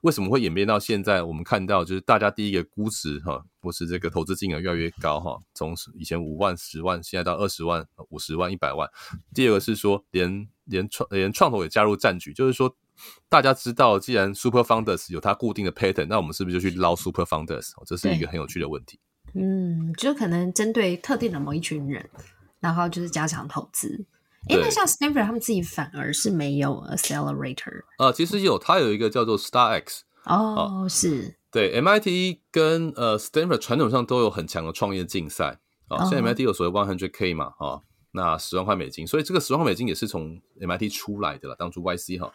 為什麼會演變到現在？我們看到就是大家第一個估值哈，或是這個投資金額越來越高哈，從以前五萬、十萬，現在到二十萬、五十萬、一百萬。第二個是說連連，連創連創投也加入戰局，就是說。大家知道，既然 Super Founders 有它固定的 pattern，那我們是不是就去撈 Super Founders？這是一個很有趣的問題。嗯，就可能針對特定的某一群人，然後就是加強投資。因為對像 Stanford 他們自己反而是沒有 accelerator、呃。其實有，他有一個叫做 Star X。Oh, 哦，是。對，MIT 跟呃 Stanford 傳統上都有很強的創業競賽啊，哦 oh. 像 MIT 有所謂 One Hundred K 嘛，哦。那十萬塊美金，所以這個十萬塊美金也是從 MIT 出來的啦。當初 YC 哈，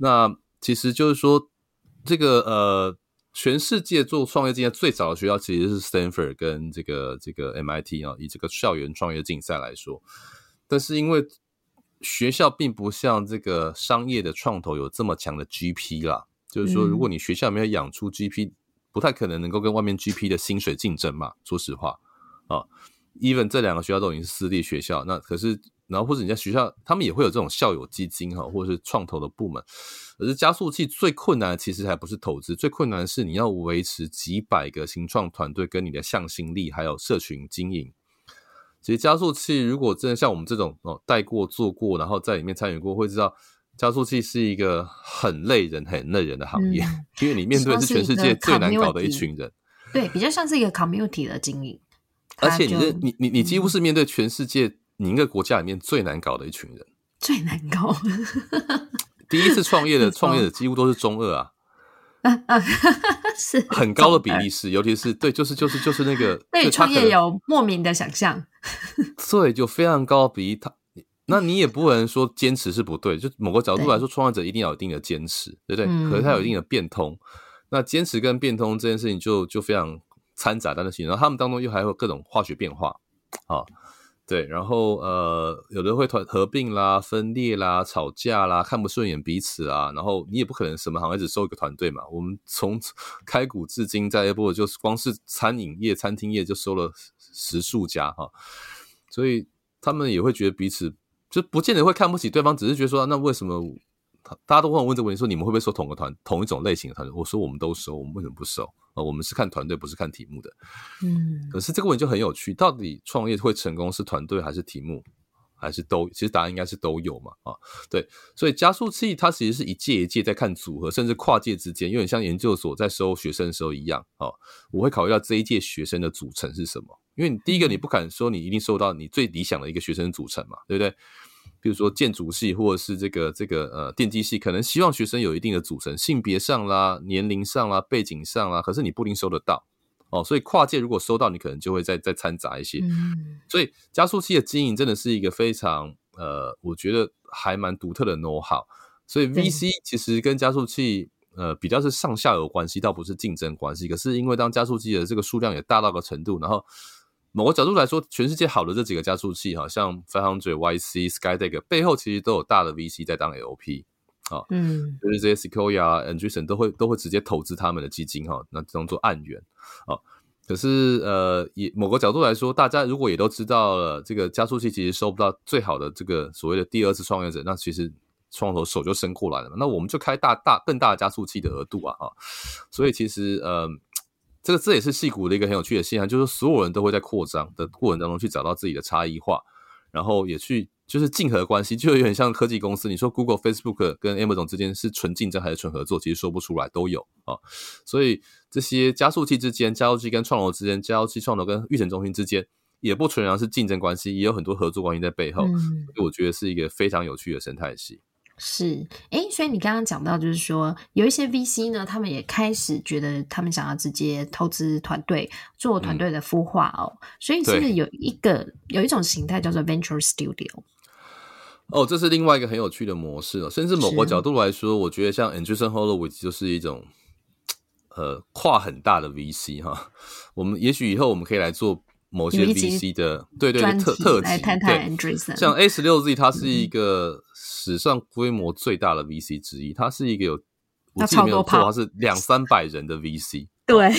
那其實就是說，這個呃，全世界做創業競賽最早的學校其實是 Stanford 跟這個這個 MIT 啊，以這個校園創業競賽來說。但是因為學校並不像這個商業的創投有這麼強的 GP 啦，就是說，如果你學校沒有養出 GP、嗯、不太可能能夠跟外面 GP 的薪水競爭嘛。說實話啊。Even 這兩個學校都已經是私立學校，那可是，然後或者你在學校，他們也會有這種校友基金哈，或者是創投的部門。可是加速器最困難的其實還不是投資，最困難的是你要維持幾百個新創團隊跟你的向心力，還有社群經營。其實加速器如果真的像我們這種哦帶、喔、過做過，然後在裡面參與過，會知道加速器是一個很累人、很累人的行業，嗯、因為你面對的是全世界最難搞的一群人。嗯、對，比較像是一個 community 的經營。而且你這，你你你幾乎是面對全世界，你一個國家裡面最難搞的一群人，最難搞。第一次創業的創業者幾乎都是中二啊，嗯嗯，是很高的比例是，尤其是對，就是就是就是那個對創業有莫名的想象，對，就非常高比他，那你也不能說堅持是不對，就某個角度來說，創業者一定要有一定的堅持，對不對？可是他有一定的變通，那堅持跟變通這件事情就就非常。摻雜的細菌，然後他們當中又還有各種化學變化，啊，對，然後呃，有的會團合併啦、分裂啦、吵架啦、看不順眼彼此啊，然後你也不可能什麼行業只收一個團隊嘛。我們從開股至今，在 A 部就是光是餐飲業、餐廳業就收了十數家哈，所以他們也會覺得彼此就不見得會看不起對方，只是覺得說那為什麼？大家都會問這個問題，說你們會不會收同一個團、同一種類型的團隊？我說我們都收，我們為什麼不收啊、呃？我們是看團隊，不是看題目的。嗯，可是這個問題就很有趣，到底創業會成功是團隊還是題目，還是都？其實答案應該是都有嘛。啊、哦，對，所以加速器它其實是一屆一屆在看組合，甚至跨界之間，有點像研究所在收學生的時候一樣啊、哦。我會考慮到這一屆學生的組成是什麼，因為你第一個你不敢說你一定收到你最理想的一個學生組成嘛，對不對？就是說建築系或者是這個這個呃電機系，可能希望學生有一定的組成，性別上啦、年齡上啦、背景上啦，可是你不一定收得到哦，所以跨界如果收到，你可能就會再再摻雜一些。嗯，所以加速器的經營真的是一個非常呃，我覺得還蠻獨特的 know-how。所以 VC 其實跟加速器對呃比較是上下游關係，倒不是競爭關係。可是因為當加速器的這個數量也大到個程度，然後。某個角度來說，全世界好的這幾個加速器，哈，像 Five Hundred YC、Skydeck 背後其實都有大的 VC 在當 LP，啊、嗯，嗯、哦，就是這些 Sequoia、Andreessen 都會都會直接投資他們的基金，哈、哦，那當做案源，啊、哦，可是呃，以某個角度來說，大家如果也都知道了這個加速器其實收不到最好的這個所謂的第二次創業者，那其實創投手就伸過來了嘛，那我們就開大大更大的加速器的額度啊，哈、哦，所以其實呃。嗯嗯這個這也是矽谷的一個很有趣的現象，就是所有人都會在擴張的過程當中去找到自己的差異化，然後也去就是競合關係，就有點像科技公司。你說 Google、Facebook 跟 Amazon 之間是純競爭還是純合作，其實說不出來，都有啊。所以這些加速器之間，加速器跟創投之間，加速器創投跟育成中心之間，也不純然是競爭關係，也有很多合作關係在背後。嗯、所以我覺得是一個非常有趣的生態系。是，誒，所以你剛剛講到，就是說有一些 VC 呢，他們也開始覺得他們想要直接投資團隊，做團隊的孵化哦。嗯、所以其實有一個對有一種形態叫做 Venture Studio。哦，這是另外一個很有趣的模式哦。甚至某個角度來說，是我覺得像 Andreessen Horowitz 就是一種，呃，跨很大的 VC 哈。我們也許以後我們可以來做。某些 VC 的對對的特對對對特級對，像 A16Z 它是一個史上規模最大的 VC 之一，嗯、它是一個有我記得沒錯，它，它是兩三百人的 VC，對、啊，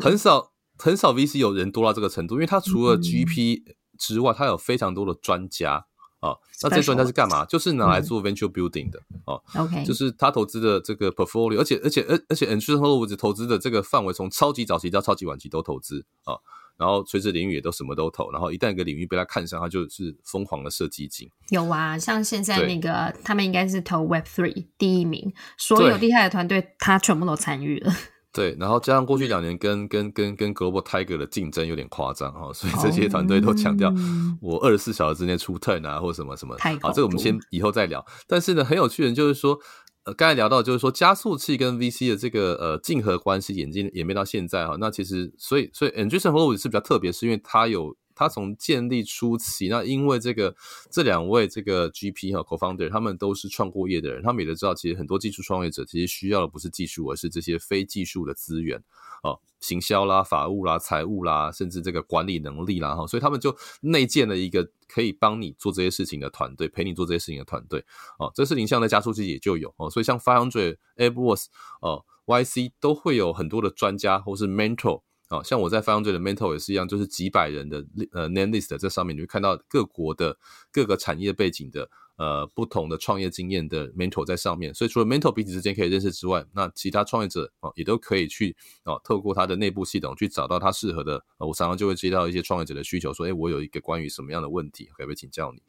很少很少 VC 有人多到這個程度，因為它除了 GP 之外，嗯、它有非常多的專家啊。Special. 那這專家是幹嘛？就是拿來做 venture building 的、嗯、啊。OK，就是他投資的這個 portfolio，而且而且而而且 Andreessen Horowitz 投資的這個範圍從超級早期到超級晚期都投資啊。然後，垂直領域也都什麼都投。然後，一旦一個領域被他看上，他就是瘋狂的設基金。有啊，像現在那個，對他們應該是投 Web Three 第一名，所有厲害的團隊對他全部都參與了。對，然後加上過去兩年跟跟跟跟 Global Tiger 的競爭有點誇張哈，所以這些團隊都強調我二十四小時之內出 Turn 啊，或者什麼什麼。好，這個我們先以後再聊。但是呢，很有趣的就是說。呃，剛才聊到就是說加速器跟 VC 的這個呃競合關係演進演變到現在哈，那其實所以所以 Andreessen Horowitz 是比較特別，是因為它有它從建立初期，那因為這個這兩位這個 GP 哈 cofounder 他們都是創過業的人，他們也都知道，其實很多技術創業者其實需要的不是技術，而是這些非技術的資源哦，行銷啦、法務啦、財務啦，甚至這個管理能力啦哈，所以他們就內建了一個。可以幫你做這些事情的團隊，陪你做這些事情的團隊，哦，這是林像在加速器也就有哦，所以像500、哦、AppWorks 呃、YC 都會有很多的專家或是 mentor，啊、哦，像我在500的 mentor 也是一樣，就是幾百人的呃 name list 在上面，你會看到各國的各個產業背景的。呃，不同的創業經驗的 mental 在上面，所以除了 mental 彼此之間可以認識之外，那其他創業者啊、哦、也都可以去啊、哦，透過他的內部系統去找到他適合的、呃。我常常就會接到一些創業者的需求，說：“哎，我有一個關於什麼樣的問題，可不可以請教你？”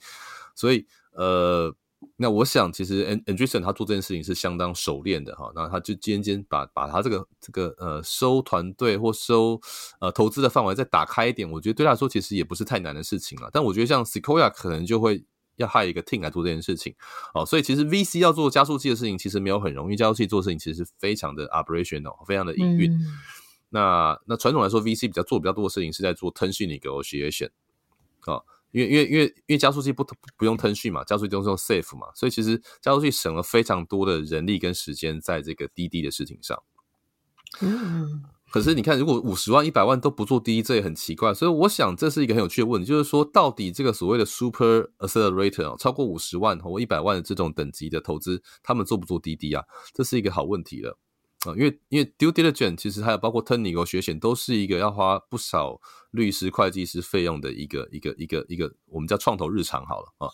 所以，呃，那我想其實 Andreessen 他做這件事情是相當熟練的哈、哦，那他就漸漸把把他這個這個呃收團隊或收呃投資的範圍再打開一點，我覺得對他來說其實也不是太難的事情了。但我覺得像 Sequoia 可能就會。要 hire 一個 team 去做這件事情，哦，所以其實 VC 要做加速器的事情，其實沒有很容易。加速器做事情其實是非常的 operational，非常的營運。嗯、那那傳統來說，VC 比較做比較多的事情是在做 term sheet 的 negotiation，因為因為因為因為加速器不不，不用 term sheet 嘛，加速器就是用 safe 嘛，所以其實加速器省了非常多的人力跟時間在這個滴滴的事情上。嗯可是你看，如果五十萬、一百萬都不做 DD，這也很奇怪。所以我想，這是一個很有趣的問題，就是說，到底這個所謂的 super accelerator 超過五十萬或一百萬的這種等級的投資，他們做不做 DD 啊？這是一個好問題了啊！因為因為 due diligence 其實還有包括 turning 或學險，都是一個要花不少律師、會計師費用的一個一個一個一個我們叫創投日常好了啊。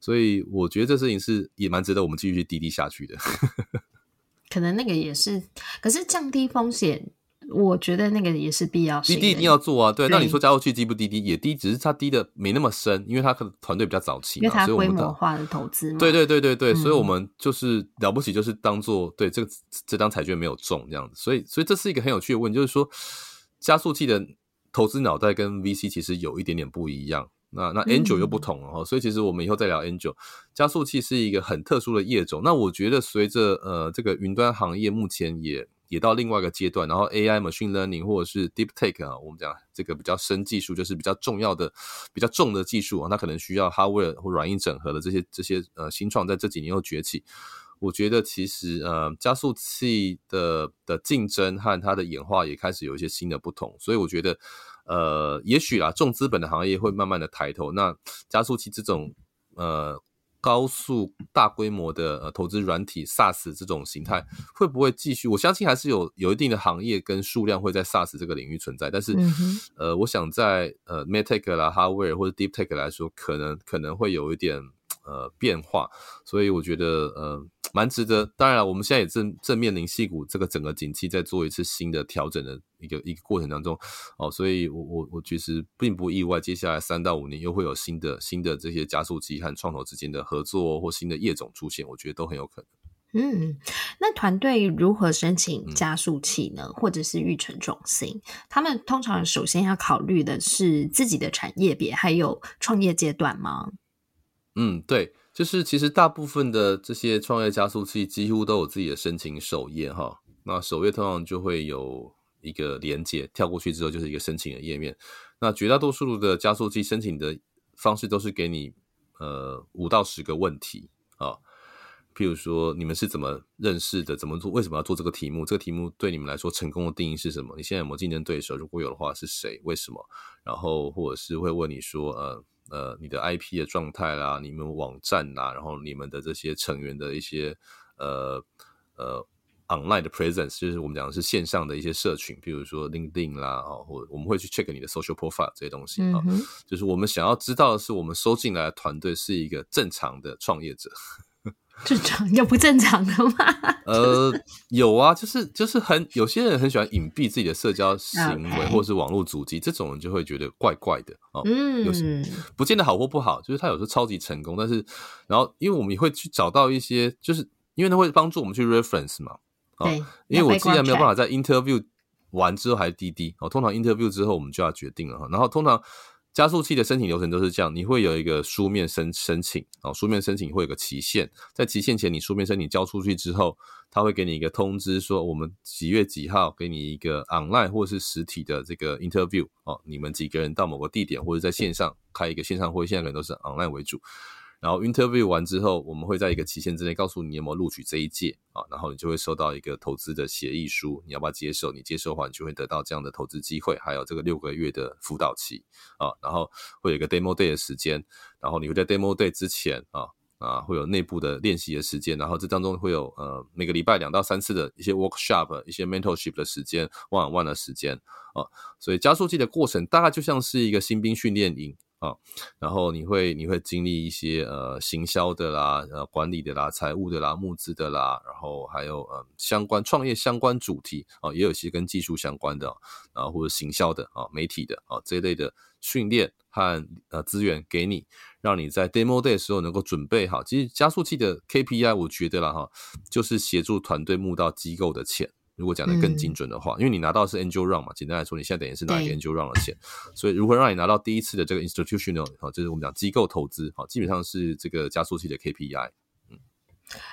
所以我覺得這事情是也蠻值得我們繼續 DD 下去的。 可能那個也是，可是降低風險。我覺得那個也是必要性的，滴滴一定要做啊。對，對那你說加速器，滴不滴滴，也滴，只是它滴的沒那麼深，因為它的團隊比較早期嘛，所以它規模化的投資的。對對對對對，嗯、哼所以我們就是了不起，就是當做對這個這張彩券，沒有中這樣子。所以所以這是一個很有趣的問題，就是說加速器的投資腦袋跟 VC 其實有一點點不一樣。那那 Angel 又不同了哦，嗯、哼所以其實我們以後再聊 Angel 加速器是一個很特殊的業種。那我覺得隨着呃這個雲端行業目前也。也到另外一個階段，然後 A I machine learning 或者是 deep tech 啊，我們講這個比較深技術，就是比較重要的、比較重的技術啊，那可能需要 hardware 或軟硬整合的這些這些呃新創，在這幾年又崛起。我覺得其實呃加速器的的競爭和它的演化也開始有一些新的不同，所以我覺得呃也許啦，重資本的行業會慢慢的抬頭，那加速器這種呃。高速大規模的呃投資軟體 SaaS 這種形態會不會繼續？我相信還是有有一定的行業跟數量會在 SaaS 這個領域存在，但是、嗯、哼呃，我想在呃 Matek 啦、Hardware 或者 DeepTech 來說，可能可能會有一點。呃，變化，所以我覺得呃，蠻值得。當然，我們現在也正正面臨矽谷這個整個景氣在做一次新的調整的一個一個過程當中哦，所以我，我我我其實並不意外，接下來三到五年又會有新的新的這些加速器和創投之間的合作或新的業種出現，我覺得都很有可能。嗯，那團隊如何申請加速器呢？嗯、或者是育成中心？他們通常首先要考慮的是自己的產業別還有創業階段嗎？嗯，對，就是其實大部分的這些創業加速器幾乎都有自己的申請首頁哈，那首頁通常就會有一個連接，跳過去之後就是一個申請的頁面。那絕大多數的加速器申請的方式都是給你呃五到十個問題啊、哦，譬如說你們是怎麼認識的，怎麼做，為什麼要做這個題目？這個題目對你們來說成功的定義是什麼？你現在有沒有競爭對手？如果有的話是誰？為什麼？然後或者是會問你說呃。呃，你的 IP 的狀態啦，你們網站啦，然後你們的這些成員的一些呃呃 online 的 presence，就是我們講的是線上的一些社群，比如說 LinkedIn Link 啦，哦，或我們會去 check 你的 social profile 這些東西啊，嗯哼，哦，就是我們想要知道的是，我們收進來的團隊是一個正常的創業者。正常有不正常的嗎？ 呃，有啊，就是就是很有些人很喜歡隱蔽自己的社交行為或是網絡足跡 Okay. 這種人就會覺得怪怪的、嗯、哦。嗯，不見得好或不好，就是他有時候超級成功，但是然後因為我們也會去找到一些，就是因為他會幫助我們去 reference 嘛。對、哦，因為我既然沒有辦法在 interview 完之後還滴滴，我、哦、通常 interview 之後我們就要決定了哈，然後通常。加速器的申請流程都是這樣，你會有一個書面申申請啊，書面申請會有個期限，在期限前你書面申請交出去之後，他會給你一個通知說，我們幾月幾號給你一個 online 或是實體的這個 interview 哦，你們幾個人到某個地點或者在線上開一個線上會，現在可能都是 online 為主。然後 interview 完之後，我們會在一個期限之內告訴你，你有沒有錄取這一屆啊，然後你就會收到一個投資的協議書，你要不要接受？你接受的話，你就會得到這樣的投資機會，還有這個六個月的輔導期啊，然後會有一個 demo day 的時間，然後你會在 demo day 之前啊啊會有內部的練習的時間，然後這當中會有呃每個禮拜兩到三次的一些 workshop、一些 mentorship 的時間、one-on-one 的時間啊，所以加速器的過程大概就像是一個新兵訓練營。啊，然後你會你會經歷一些呃行銷的啦，呃管理的啦，財務的啦，募資的啦，然後還有呃相關創業相關主題啊、哦，也有一些跟技術相關的啊、哦，或者行銷的啊、哦，媒體的啊、哦、這一類的訓練和呃資源給你，讓你在 demo day 的時候能夠準備好。其實加速器的 KPI，我覺得啦哈、哦，就是協助團隊募到機構的錢。如果講的更精準的話，嗯、因為你拿到是 angel round 嘛，簡單來說，你現在等於是拿 angel round 的錢，對所以如何讓你拿到第一次的這個 institutional 好，就是我們講機構投資基本上是這個加速器的 KPI。嗯，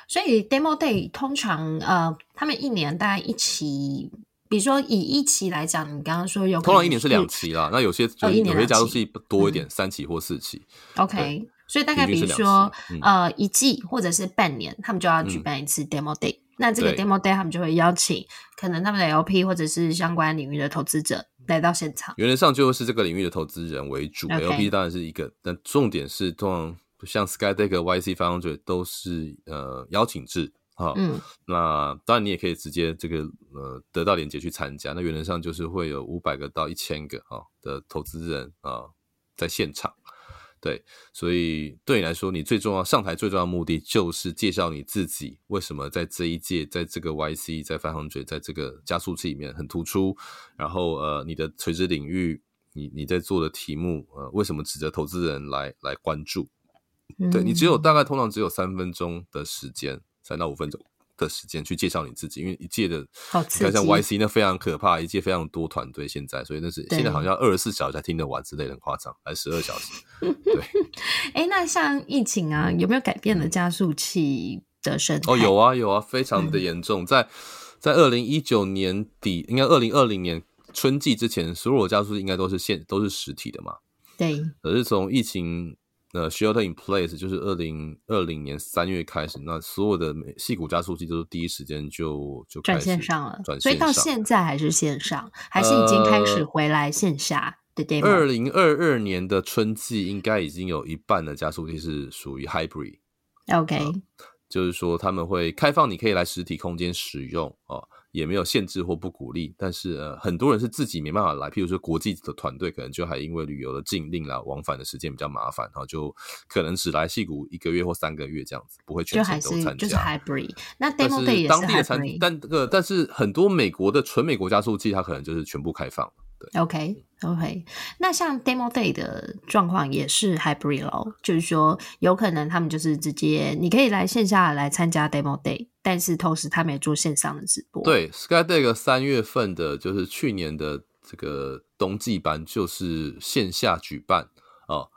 所以 demo day 通常呃，他們一年大概一期，比如說以一期來講，你剛剛說有通常一年是兩期啦，日那有些就是有些加速器多一點一期、嗯、三期或四期。OK。所以大概比如說，嗯、呃，一季或者是半年，他們就要舉辦一次 Demo Day、嗯。那這個 Demo Day 他們就會邀請，可能他們的 LP 或者是相關領域的投資者來到現場。原則上就是這個領域的投資人為主 Okay.，LP 當然是一個，但重點是通常像 SkyDeck、YC Founder 都是呃邀請制哈，哦、嗯。那當然你也可以直接這個呃得到連接去參加。那原則上就是會有五百個到一千個啊、哦、的投資人啊、哦、在現場。對，所以對你來說，你最重要上台最重要的目的就是介紹你自己，為什麼在這一屆，在這個 YC，在500，在這個加速器裡面很突出。然後，呃，你的垂直領域，你你在做的題目，呃，為什麼值得投資人來來關注？對你只有大概通常只有三分鐘的時間，三到五分鐘。的時間去介紹你自己，因為一屆的好奇你看像 YC 那非常可怕，一屆非常多團隊現在，所以那是現在好像二十四小時才聽得完之類的很誇張，對還十二小時？ 對，哎、欸，那像疫情啊，有沒有改變了加速器的生態、嗯。哦，有啊，有啊，非常的嚴重。嗯、在在二零一九年底，應該二零二零年春季之前，所有加速器應該都是現都是實體的嘛？對，可是從疫情。Shelter in place 就是二零二零年三月開始，那所有的矽谷加速器都是第一時間就就轉線上了，轉線上，所以到現在還是線上，還是已經開始回來線下的地方。二零二二年的春季應該已經有一半的加速器是屬於 hybrid，OK，Okay.、呃、就是說他們會開放你可以來實體空間使用哦。呃也沒有限制或不鼓勵，但是呃，很多人是自己沒辦法來。譬如說，國際的團隊可能就還因為旅遊的禁令啦，往返的時間比較麻煩，然後就可能只來矽谷一個月或三個月這樣子，不會全程都參加，就還是，就是 hybrid，那 demo day 也是，但是當地的產品，但個、呃、但是很多美國的純美國加速器，它可能就是全部開放。OK，OK。Okay, okay. 那像 Demo Day 的狀況也是 Hybrid，哦、就是說有可能他們就是直接你可以來線下來參加 Demo Day，但是同時他們也做線上的直播。對，SkyDeck 三月份的，就是去年的這個冬季班就是線下舉辦，哦、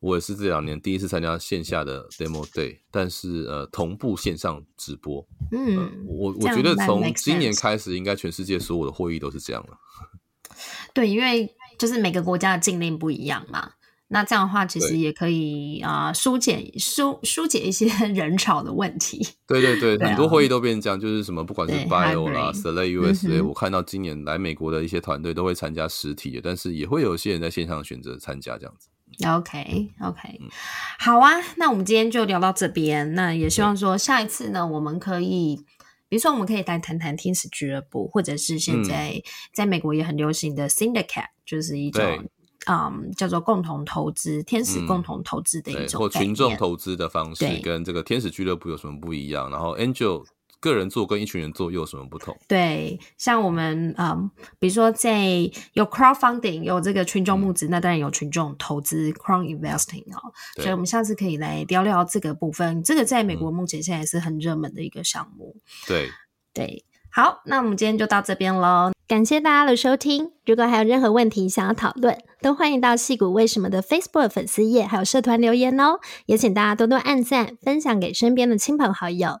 我也是這兩年第一次參加線下的 Demo Day，但是呃同步線上直播。嗯，呃、我這樣我覺得從今年開始，應該全世界所有的會議都是這樣了。嗯對，因為就是每個國家的禁令不一樣嘛，那這樣的話其實也可以啊，對呃、紓解、紓、紓解一些人潮的問題。對對對，對啊、很多會議都變成這樣，就是什麼不管是 Bio 啦，stay USA，、嗯、哼我看到今年來美國的一些團隊都會參加實體的，嗯、哼但是也會有些人在線上選擇參加這樣子。OK OK，、嗯、好啊，那我們今天就聊到這邊，那也希望說下一次呢，我們可以。比如說，我們可以來談談天使俱樂部，或者是現在在美國也很流行的 syndicate，、嗯、就是一種，對嗯，叫做共同投資、天使共同投資的一種、嗯、或群眾投資的方式，對跟這個天使俱樂部有什麼不一樣？然後，angel。個人做跟一群人做又有什麼不同？對，像我們嗯，比如說在有 crowdfunding 有這個群眾募資，嗯、那當然有群眾投資 crowd investing 哦，對所以我們下次可以來聊聊這個部分。這個在美國目前現在是很熱門的一個項目。嗯、對，對，好，那我們今天就到這邊嘍。感謝大家的收聽。如果還有任何問題想要討論，都歡迎到矽谷為什麼的 Facebook 粉絲頁還有社團留言哦。也請大家多多按讚，分享給身邊的親朋好友。